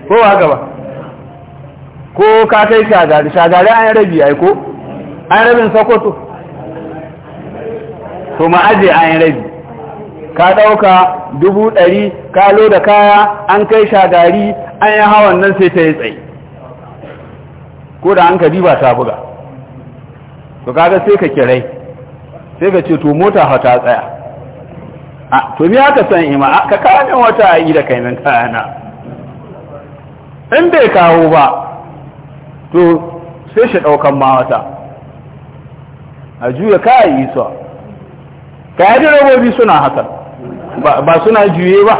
A: ko haka ba ko ka kai shagari shagari an rabi ai ko an rabin sokoto to ma'aje an rabi ka ɗauka dubu ɗari ka loda kaya an kai shagari an yi hawan nan sai ta yi tsaye ko da an ka diba ta buga to kaga sai ka kirai sai ka ce to mota ha ta tsaya a to biya ka san ima ka kawo min wata a yi da kaimin kayana in bai kawo ba to sai shi ɗaukan ma wata a juya kayayi su kayan robobi suna haka ba suna juye ba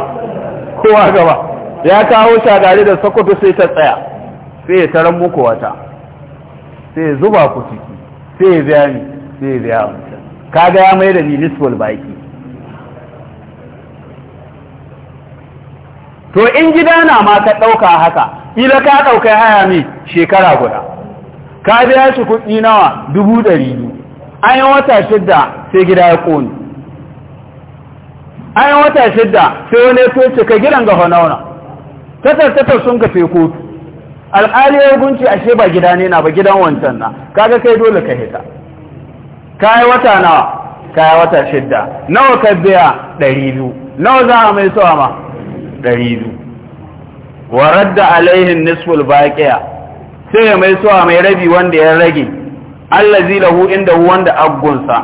A: kowa gaba ya kawo shagari da Sakoto sai ta tsaya sai ya taron muku wata sai ya zuba ku ciki sai ya biya ni sai ya biya mutum kaga ya mai da municipal baki to in gida na ma ka ɗauka haka ila ka ɗaukai haya mai shekara guda ka biya shi kuɗi nawa dubu ɗari biyu an yi wata shidda sai gida ya ƙone an yi wata shidda sai wani ya toce ka gidan ga honauna tatar-tatar sun ka kotu alƙali ya gunci ashe ba gida ne na ba gidan wancan na kaga kai dole ka hita ka yi wata nawa ka yi wata shidda nawa ka biya ɗari biyu nawa za a mai sawa ma ɗari biyu wa radda alaihin nisful baqiya sai mai suwa mai rabi wanda ya rage allazi lahu inda wanda aggunsa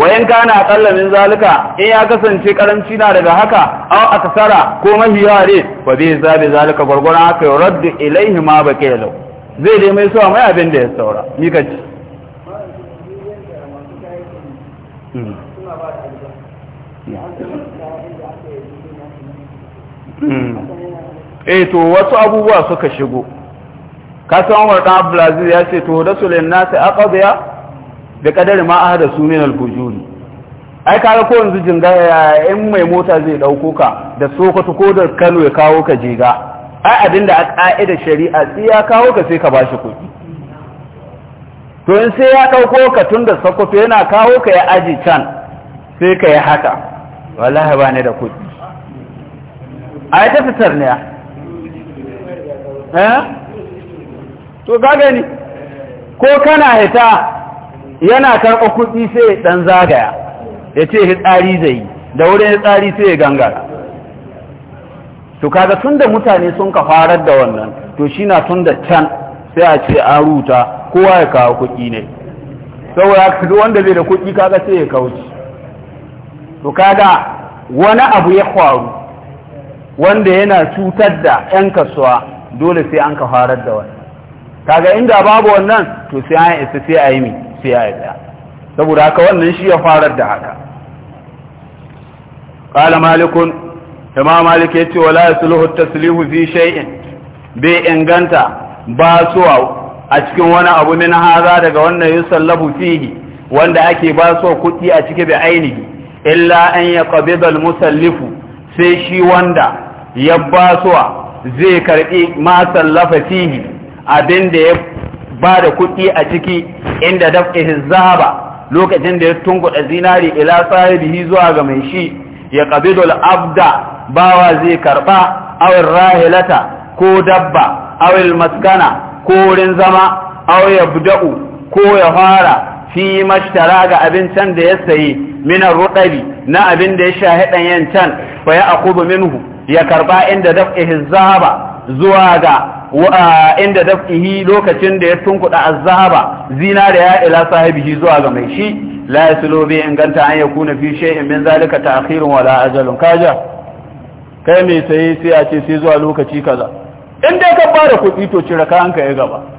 A: wa in kana aqalla min zalika in ya kasance karanci na daga haka aw aksara ko mahiya ne fa bi zabi zalika gurgura haka yuraddu ilaihi ma baqiya zai dai mai suwa mai abin da ya saura ni ka ci Mm. eh to wasu abubuwa suka shigo ka san Umar da Abdulaziz ya ce to da nasi aqdiya bi kadari ma ahada su min al-bujuri ai ga ko yanzu jinga in mai mota zai dauko ka da Sokoto ko da Kano ya kawo ka jiga ai abinda a ka'ida shari'a sai ya kawo ka sai ka bashi kuɗi to in sai ya dauko ka tun da Sokoto yana kawo ka ya aji can sai ka yi haka wallahi ba ne da kuɗi ai ta fitar ne Eh? to ka gani ko kana hita yana karɓa kuɗi sai ɗan zagaya ya ce hitsari zai yi da wurin hitsari sai ya gangara to kaga tun da mutane sun ka farar da wannan to shi na tun da can sai a ce an ruta kowa ya kawo kuɗi ne saboda duk wanda bai da kuɗi kaga sai ya kauce to kaga wani abu ya faru wanda yana cutar da 'yan kasuwa dole sai an ka farar da wannan kaga inda babu wannan to sai an isa sai a yi mi sai a yi saboda haka wannan shi ya farar da haka qala malikun kama malik yace wala yasluhu taslihu fi shay'in bi inganta ba su a cikin wani abu min haza daga wannan yusallabu fihi wanda ake ba su kuɗi a cikin bi ainihi illa an yaqbida musallifu sai shi wanda ya ba zai karbi masan sallafa abin da ya ba da kuɗi a ciki inda daf'ihi zahaba lokacin da ya tunkuɗa zinari ila sahibihi zuwa ga mai shi ya qabidul abda bawa zai karba awil rahilata ko dabba awil maskana ko wurin zama aw yabda'u ko ya fara fi mashtara ga abin can da ya sayi minar rudabi na abin da ya shahi haɗin can fa ya kudu minhu ya karba inda daf'ihi zahaba zuwa ga inda daf'ihi lokacin da ya tunkuɗa zina da ya ila sahibi zuwa ga mai shi la yasulu bi inganta an yakuna fi shay'in min zalika ta'khirun wala ajalun kaja kai mai sayi sai a ce sai zuwa lokaci kaza in dai ka bada kuɗi to cire ka ya gaba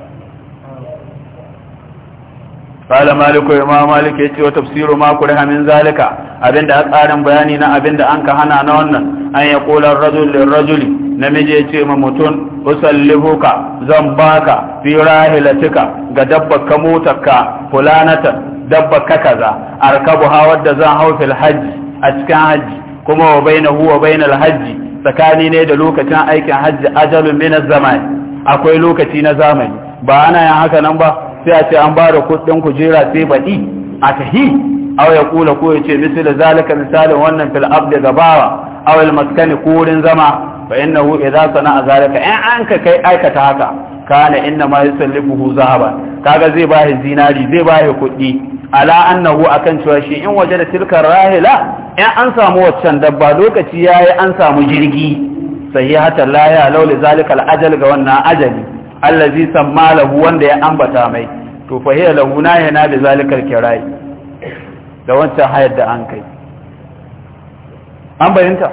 A: قال مالك امام مالك tafsiru ma kuriha min zalika abinda a bayani na abinda an ka hana na wannan an ya qula rajuli namiji yace ma mutun usallihuka zan baka fi rahilatika ga dabbaka motarka fulanata dabbaka kaza arkabuha da zan hau fil a cikin hajji kuma wa bainahu wa bainal hajji tsakani ne da lokacin aikin hajji ajalun min az akwai lokaci na zamani ba ana yin haka nan ba sai a ce an ba da kuɗin kujera sai baɗi a tahi aw ya kula ko ya ce da zalika misalin wannan fil abdi gabawa awa al maskani ko wurin zama fa innahu idza a zalika in an ka kai aikata haka kana inna ma yusallifuhu zahaban kaga zai ba zinari zai ba kuɗi ala annahu akan cewa shi in waje da tilkar rahila in an samu waccan dabba lokaci yayi an samu jirgi sahihatan la ya lauli zalika al ajal ga wannan ajali allazi sammalahu wanda ya ambata mai to fa hiya ya na da zalikal kirai da wancan hayar da an kai an bayanta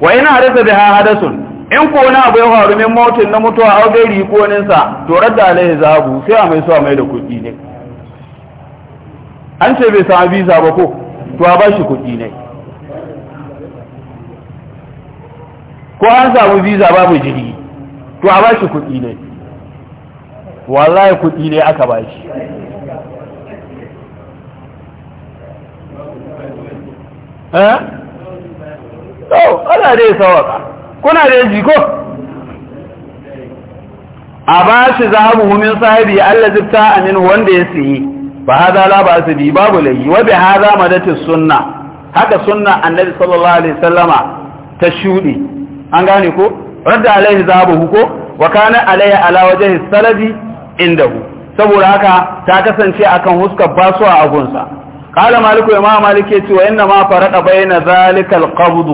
A: wa ina harasa da hadasun in ko wani abu ya faru min mautin na mutuwa a gairi ko ninsa to radda alaihi zabu sai a mai so a mai da kuɗi ne an ce bai samu visa ba ko to a bashi kuɗi ne ko an samu visa babu jiri to a bashi kuɗi ne wallahi kuɗi ne aka ba shi eh? to ana dai sawaka kuna dai ko? a ba shi zahabu min sahibi Allah zifta amin wanda ya siye ba haza la ba su bi babu layi wa bi haza madatu sunna haka sunna annabi sallallahu alaihi wasallama ta shudi an gane ko radda alaihi zahabu ko wa kana alaihi ala wajen salabi indahu saboda haka ta kasance akan huskar basuwa a gunsa qala maliku ya malik yace wa inna ma farada bayna zalika alqabd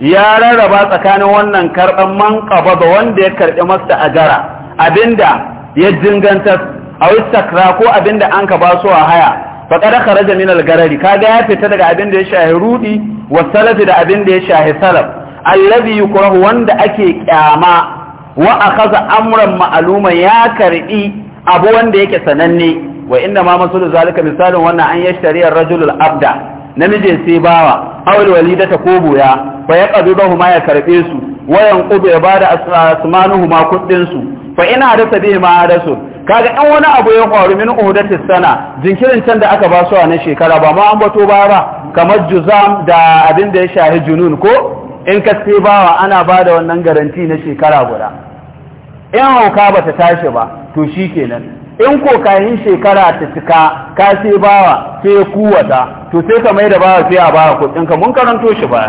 A: ya rarraba tsakanin wannan karban man qabada wanda ya karbi masa ajara abinda ya jinganta a istakra ko abinda an ka basuwa haya faƙada kharaja min al-garari kaga ya fita daga abinda ya shahi rudi wa salafi da abinda ya shahi salaf allazi yukrahu wanda ake kyama wa akhadha amran ma'luma ya karbi abu wanda yake sananne wa inna ma masul zalika misalin wannan an yi ar rajulul abda namiji sai bawa awal walidata ko boya fa yaqduhu ma ya karbe su wa yanqudu ya da asmanuhu ma kuddin su fa ina da sabi ma da su kaga 'yan wani abu ya faru min uhudati sana jinkirin can da aka ba su a na shekara ba ma an bato ba ba kamar juzam da abin da ya shahi junun ko in ka sai bawa ana ba da wannan garanti na shekara guda in hauka ba ta tashi ba to shi kenan in ko kayan shekara ta cika ka sai bawa sai ya kuwata to sai ka mai da bawa sai a bawa kuɗinka mun karanto shi ba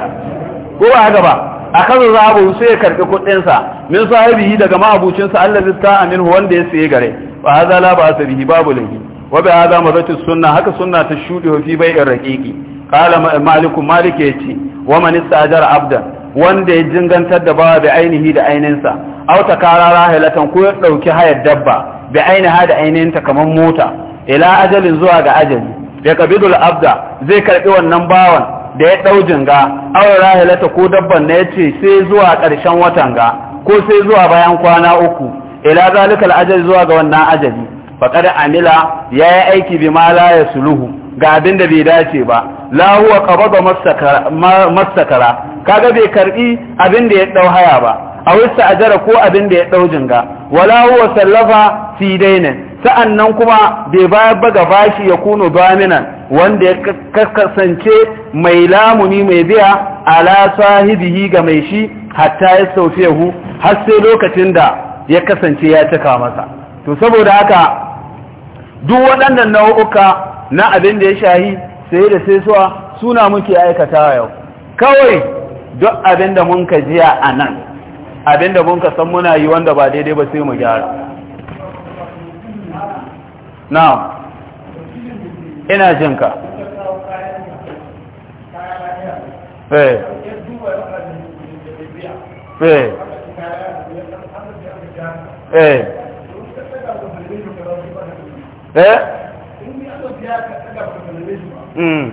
A: ko ba haka ba a kan zabu sai ya karɓi kuɗinsa min sahibihi daga ma'abucinsa Allah zitta amin wanda ya saye gare ba a la ba sabihi babu lahi wa bi haza mazatu sunna haka sunna ta shudi fi bai'ir raqiqi qala maliki ya ce. wa man istajara abdan wanda ya jingantar da bawa bi ainihi da ainihinsa aw kara rahilatan ko ya dauki hayar dabba bi ainiha da ainihinta kamar mota ila ajalin zuwa ga ajali ya qabidul abda zai karbi wannan bawan da ya dau jinga aw rahilata ko dabban ne yace sai zuwa karshen watan ga ko sai zuwa bayan kwana uku ila zalikal ajali zuwa ga wannan ajali faqad amila yi aiki bi ma la yasluhu ga abin da bai dace ba la huwa qabada masakara kaga bai karbi abin da ya dau haya ba a wasu ajara ko abin da ya dau jinga wala huwa sallafa fi dainin sa'annan kuma bai bayar ba ga bashi ya kuno dominan wanda ya kasance mai lamuni mai biya ala sahibihi ga mai shi hatta ya saufiyahu har sai lokacin da ya kasance ya cika masa to saboda haka duk waɗannan nau'uka na abin da ya shahi sai da sai suwa suna muke aikata yau kawai duk abin da mun ka jiya a nan abin da mun ka san muna yi wanda ba daidai ba sai mu gyara na ina jinka eh eh eh eh
B: Mm.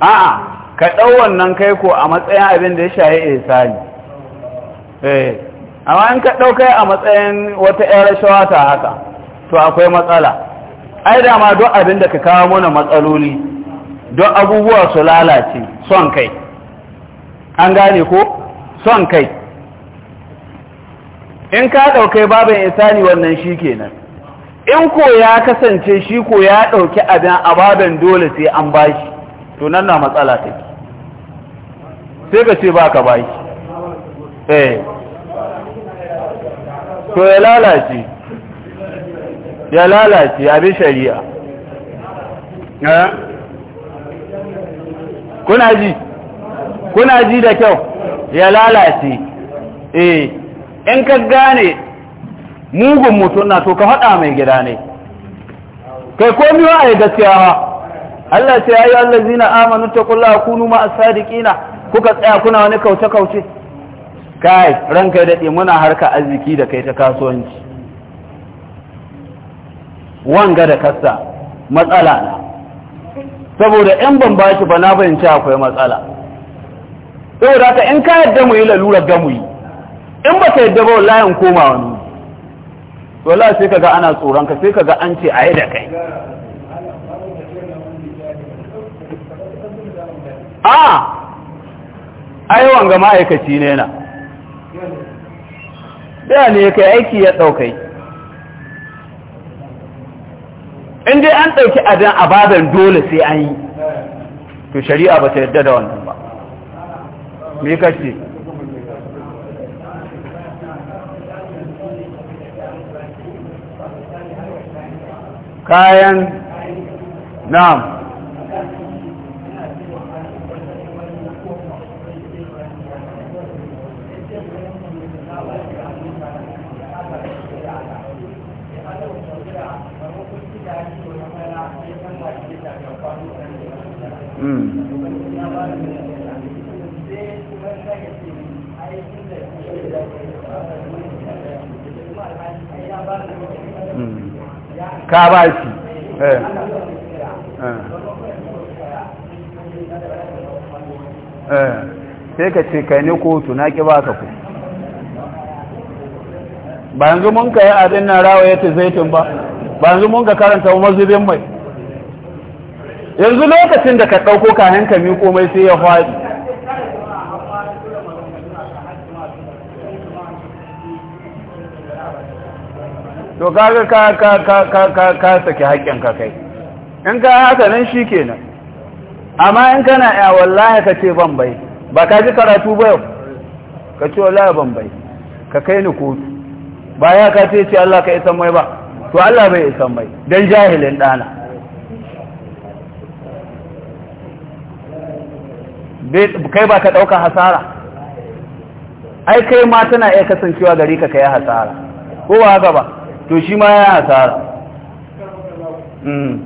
B: a'a
A: ka ɗau wannan kai ko a matsayin abin da ya shahi sani. eh amma in ka ɗau kai a matsayin wata 'yar rashawa ta haka to akwai matsala ai da ma don abin da ka kawo mana matsaloli don abubuwa su lalace son kai an gane ko son kai in ka ɗaukai babin ne wannan shi kenan in ko ya kasance shi ko ya ɗauki abin ababen dole sai an bashi to nan na matsala ke, sai ka ce ba ka bashi eh
B: to ya lalace ya lalace abin shari'a
A: eh. kuna ji kuna ji da kyau ya lalace eh in ka gane mugun mutum na to ka faɗa mai gida ne kai komi wa a yi gaskiyawa Allah ce ya yi allazi na amanu ta kula kunu ma sadiƙina kuka tsaya kuna wani kauce-kauce kai ranka ya daɗe muna harka arziki da kai ta kasuwanci wanga da kasa matsala na saboda in ban ba shi ba na bayanci akwai matsala saboda haka in ka yadda mu yi ga mu yi in ba ka yadda ba wallahi in koma wani wala sai kaga ana tsoron ka sai kaga an ce ayi da kai a aiwan ga ma'aikaci ne na da ne kai aiki ya ɗaukai in dai an ɗauki adan abadan dole sai an yi to shari'a ba ta yarda da wannan ba me kace kayan nam.
B: Mm. Hmm. ka ba shi eh. Eh.
A: Eh. sai ka ce kai ne kotu na ƙi ba ka ku ba yanzu mun ka yi adin na rawa ya zaitun ba ba yanzu mun ka karanta mazubin mai yanzu lokacin da ka ɗauko kayan ka komai mai sai ya faɗi
B: to kaga ka ka ka ka
A: ka ka saki haƙƙin ka kai in ka haka nan shikenan amma in kana ya wallahi ka ce ban bai ba ka ji karatu ba yau ka ce wallahi ban bai ka kai ni kotu Ba ya ka ce ce Allah ka isan mai ba to Allah bai isan mai dan jahilin dana kai ba ka ɗauka hasara ai kai ma tana iya kasancewa gari ka kai hasara ko ba haka ba to shi ma ya asara mm.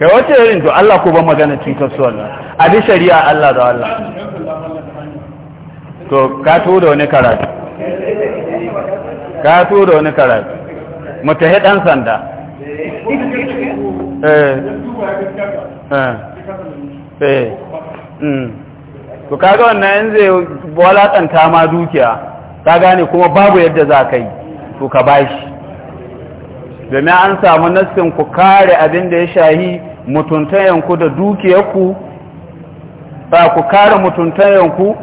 B: kai wace irin to
A: Allah ko ban magana cutar su Allah a bi shari'a Allah da Allah
B: to ka to da wani karatu ka to da wani
A: karatu mutahi dan sanda eh eh eh mm. to kaga wannan yanzu walatanta ma dukiya ka gane kuma babu yadda za ka yi to ka bashi domin an samu nassin ku kare abin da ya shahi mutuntayenku da dukiyarku ba ku kare mutuntayenku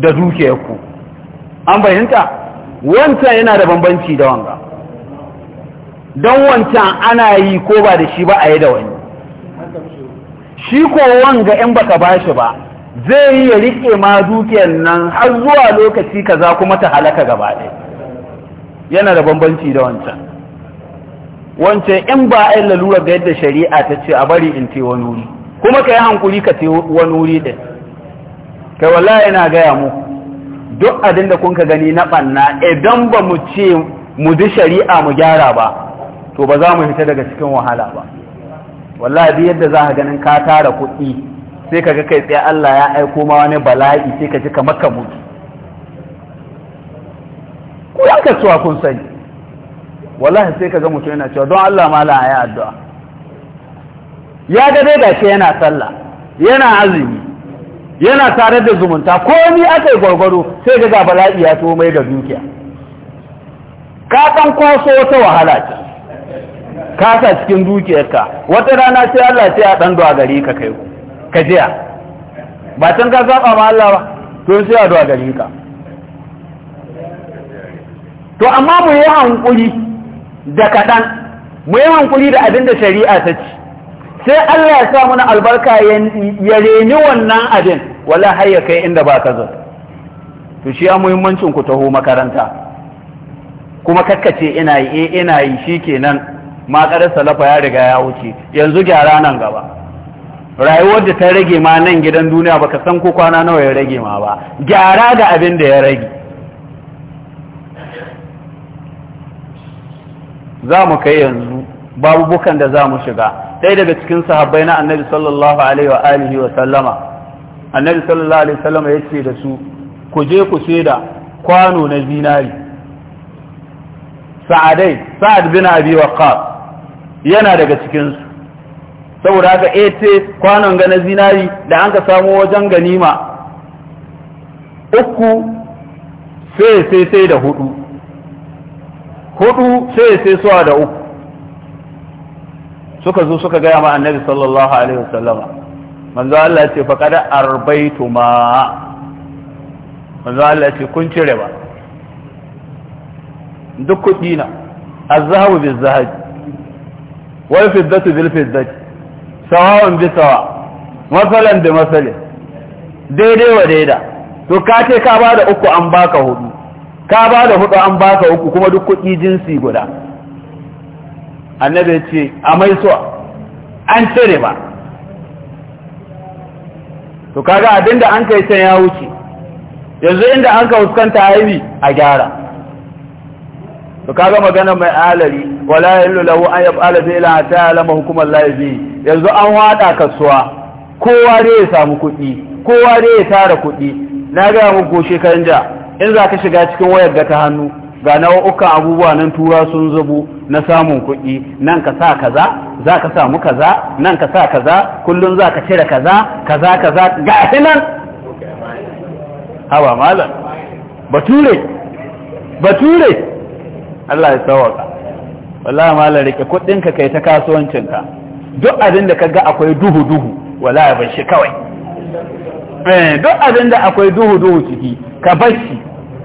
A: da dukiyarku an bayyanta wancan yana da bambanci da wanga don wancan ana yi ko ba da shi ba a yi da wani shi ko wanga in baka bashi ba zai yi ya riƙe ma dukiyar nan har zuwa lokaci kaza kuma ta halaka gaba yana da bambanci da wancan wancan in ba a yi lalura ga yadda shari'a ta ce a bari in ce wani wuri kuma ka yi hankuri ka ce wani wuri ɗin kai wala yana gaya mu duk abin da kun gani na ɓanna idan ba mu ce mu di shari'a mu gyara ba to ba za mu fita daga cikin wahala ba wallahi yadda za ka ganin ka tara kuɗi sai kaga kai tsaye Allah ya aiko ma wani bala'i sai ka ji kamar ka mutu ku yan kasuwa kun sani wallahi sai ka ga mutum yana cewa don Allah ma la'a ya addu'a ya ga dai ke yana sallah yana azumi yana tare da zumunta ko ni aka yi gwargwaro sai ga bala'i ya tuwo mai da dukiya ka san kwaso wata wahala ce ka sa cikin dukiyarka wata rana sai Allah sai ya dan do a gare ka kai ku ka jiya ba can ka saba ma Allah ba to sai addu'a gare ka to amma mu yi hankuli da kaɗan mu yi hankuli da abin da shari'a ta ci sai Allah ya sa mana albarka ya reni wannan abin wala har ya kai inda ba ka zo to shi ya muhimmancin ku taho makaranta kuma kakkace ina yi eh ina yi shikenan ma ƙarar salafa ya riga ya wuce yanzu gyara nan gaba rayuwar da ta rage ma nan gidan duniya baka san ko kwana nawa ya rage ma ba gyara da abin da ya rage za mu kai yanzu babu babubukan da za mu shiga ɗaya daga cikin sahabbai na annabi sallallahu alaihi wa alihi wa sallama annabi sallallahu alaihi wa sallama ya ce da su ku je ku da kwano na zinari sa'adai sa'ad bin abi waqqas yana daga cikinsu saboda haka ete eh, kwanon ga na zinari da an ka samo wajen ganima uku sai sai sai da hudu hudu sai sai suwa da uku suka zo suka gaya ma annabi sallallahu alaihi wasallama manzo Allah ya ce arbaitu ma manzo Allah ya ce kun cire ba duk kudi na azhabu bil zahab wal fiddatu bil fiddati sawa'un bi sawa masalan da masalin daidai wa daida to ka ce ka bada uku an baka hudu ka bada hudu an baka uku kuma duk kuɗi jinsi guda annabi ya ce a mai so an cire ba to kaga abinda an kai can ya wuce yanzu inda an ka fuskanta haibi a gyara to kaga magana mai alari wala yallu lahu an yaf'ala bi ila ta alama hukum Allah bi yanzu an wada kasuwa kowa ne ya samu kuɗi kowa ne ya tara kuɗi na ga muku shekaran da in za ka shiga cikin wayar ga ta hannu ga uka abubuwa nan tura sun zubo na samun kuɗi nan ka sa kaza za ka samu kaza nan ka sa kaza kullum za ka cire kaza kaza kaza ga nan haba malam bature bature Allah ya sauwaka wallahi malam rike kudin ka kai ta kasuwancin ka duk abin da kaga akwai duhu duhu wallahi ban shi kawai eh duk abin da akwai duhu duhu ciki ka bar shi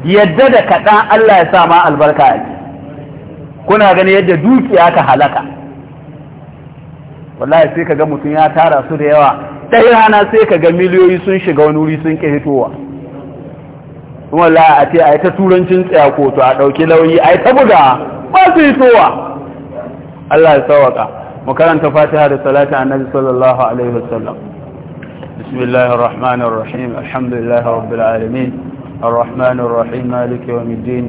A: yadda da kaɗan Allah ya sa ma albarka a kuna gani yadda dukiya ka halaka wallahi sai kaga mutun mutum ya tara su da yawa ɗaya rana sai kaga miliyoyi sun shiga wani wuri sun kehitowa hitowa kuma la a ce a yi ta turancin tsayako to a ɗauki lauyi a yi ta buga ba su yi sowa Allah ya sawaka mu karanta fatiha da salata annabi sallallahu alaihi wasallam bismillahir rahmanir rahim alhamdulillahi rabbil alamin الرحمن الرحيم مالك يوم الدين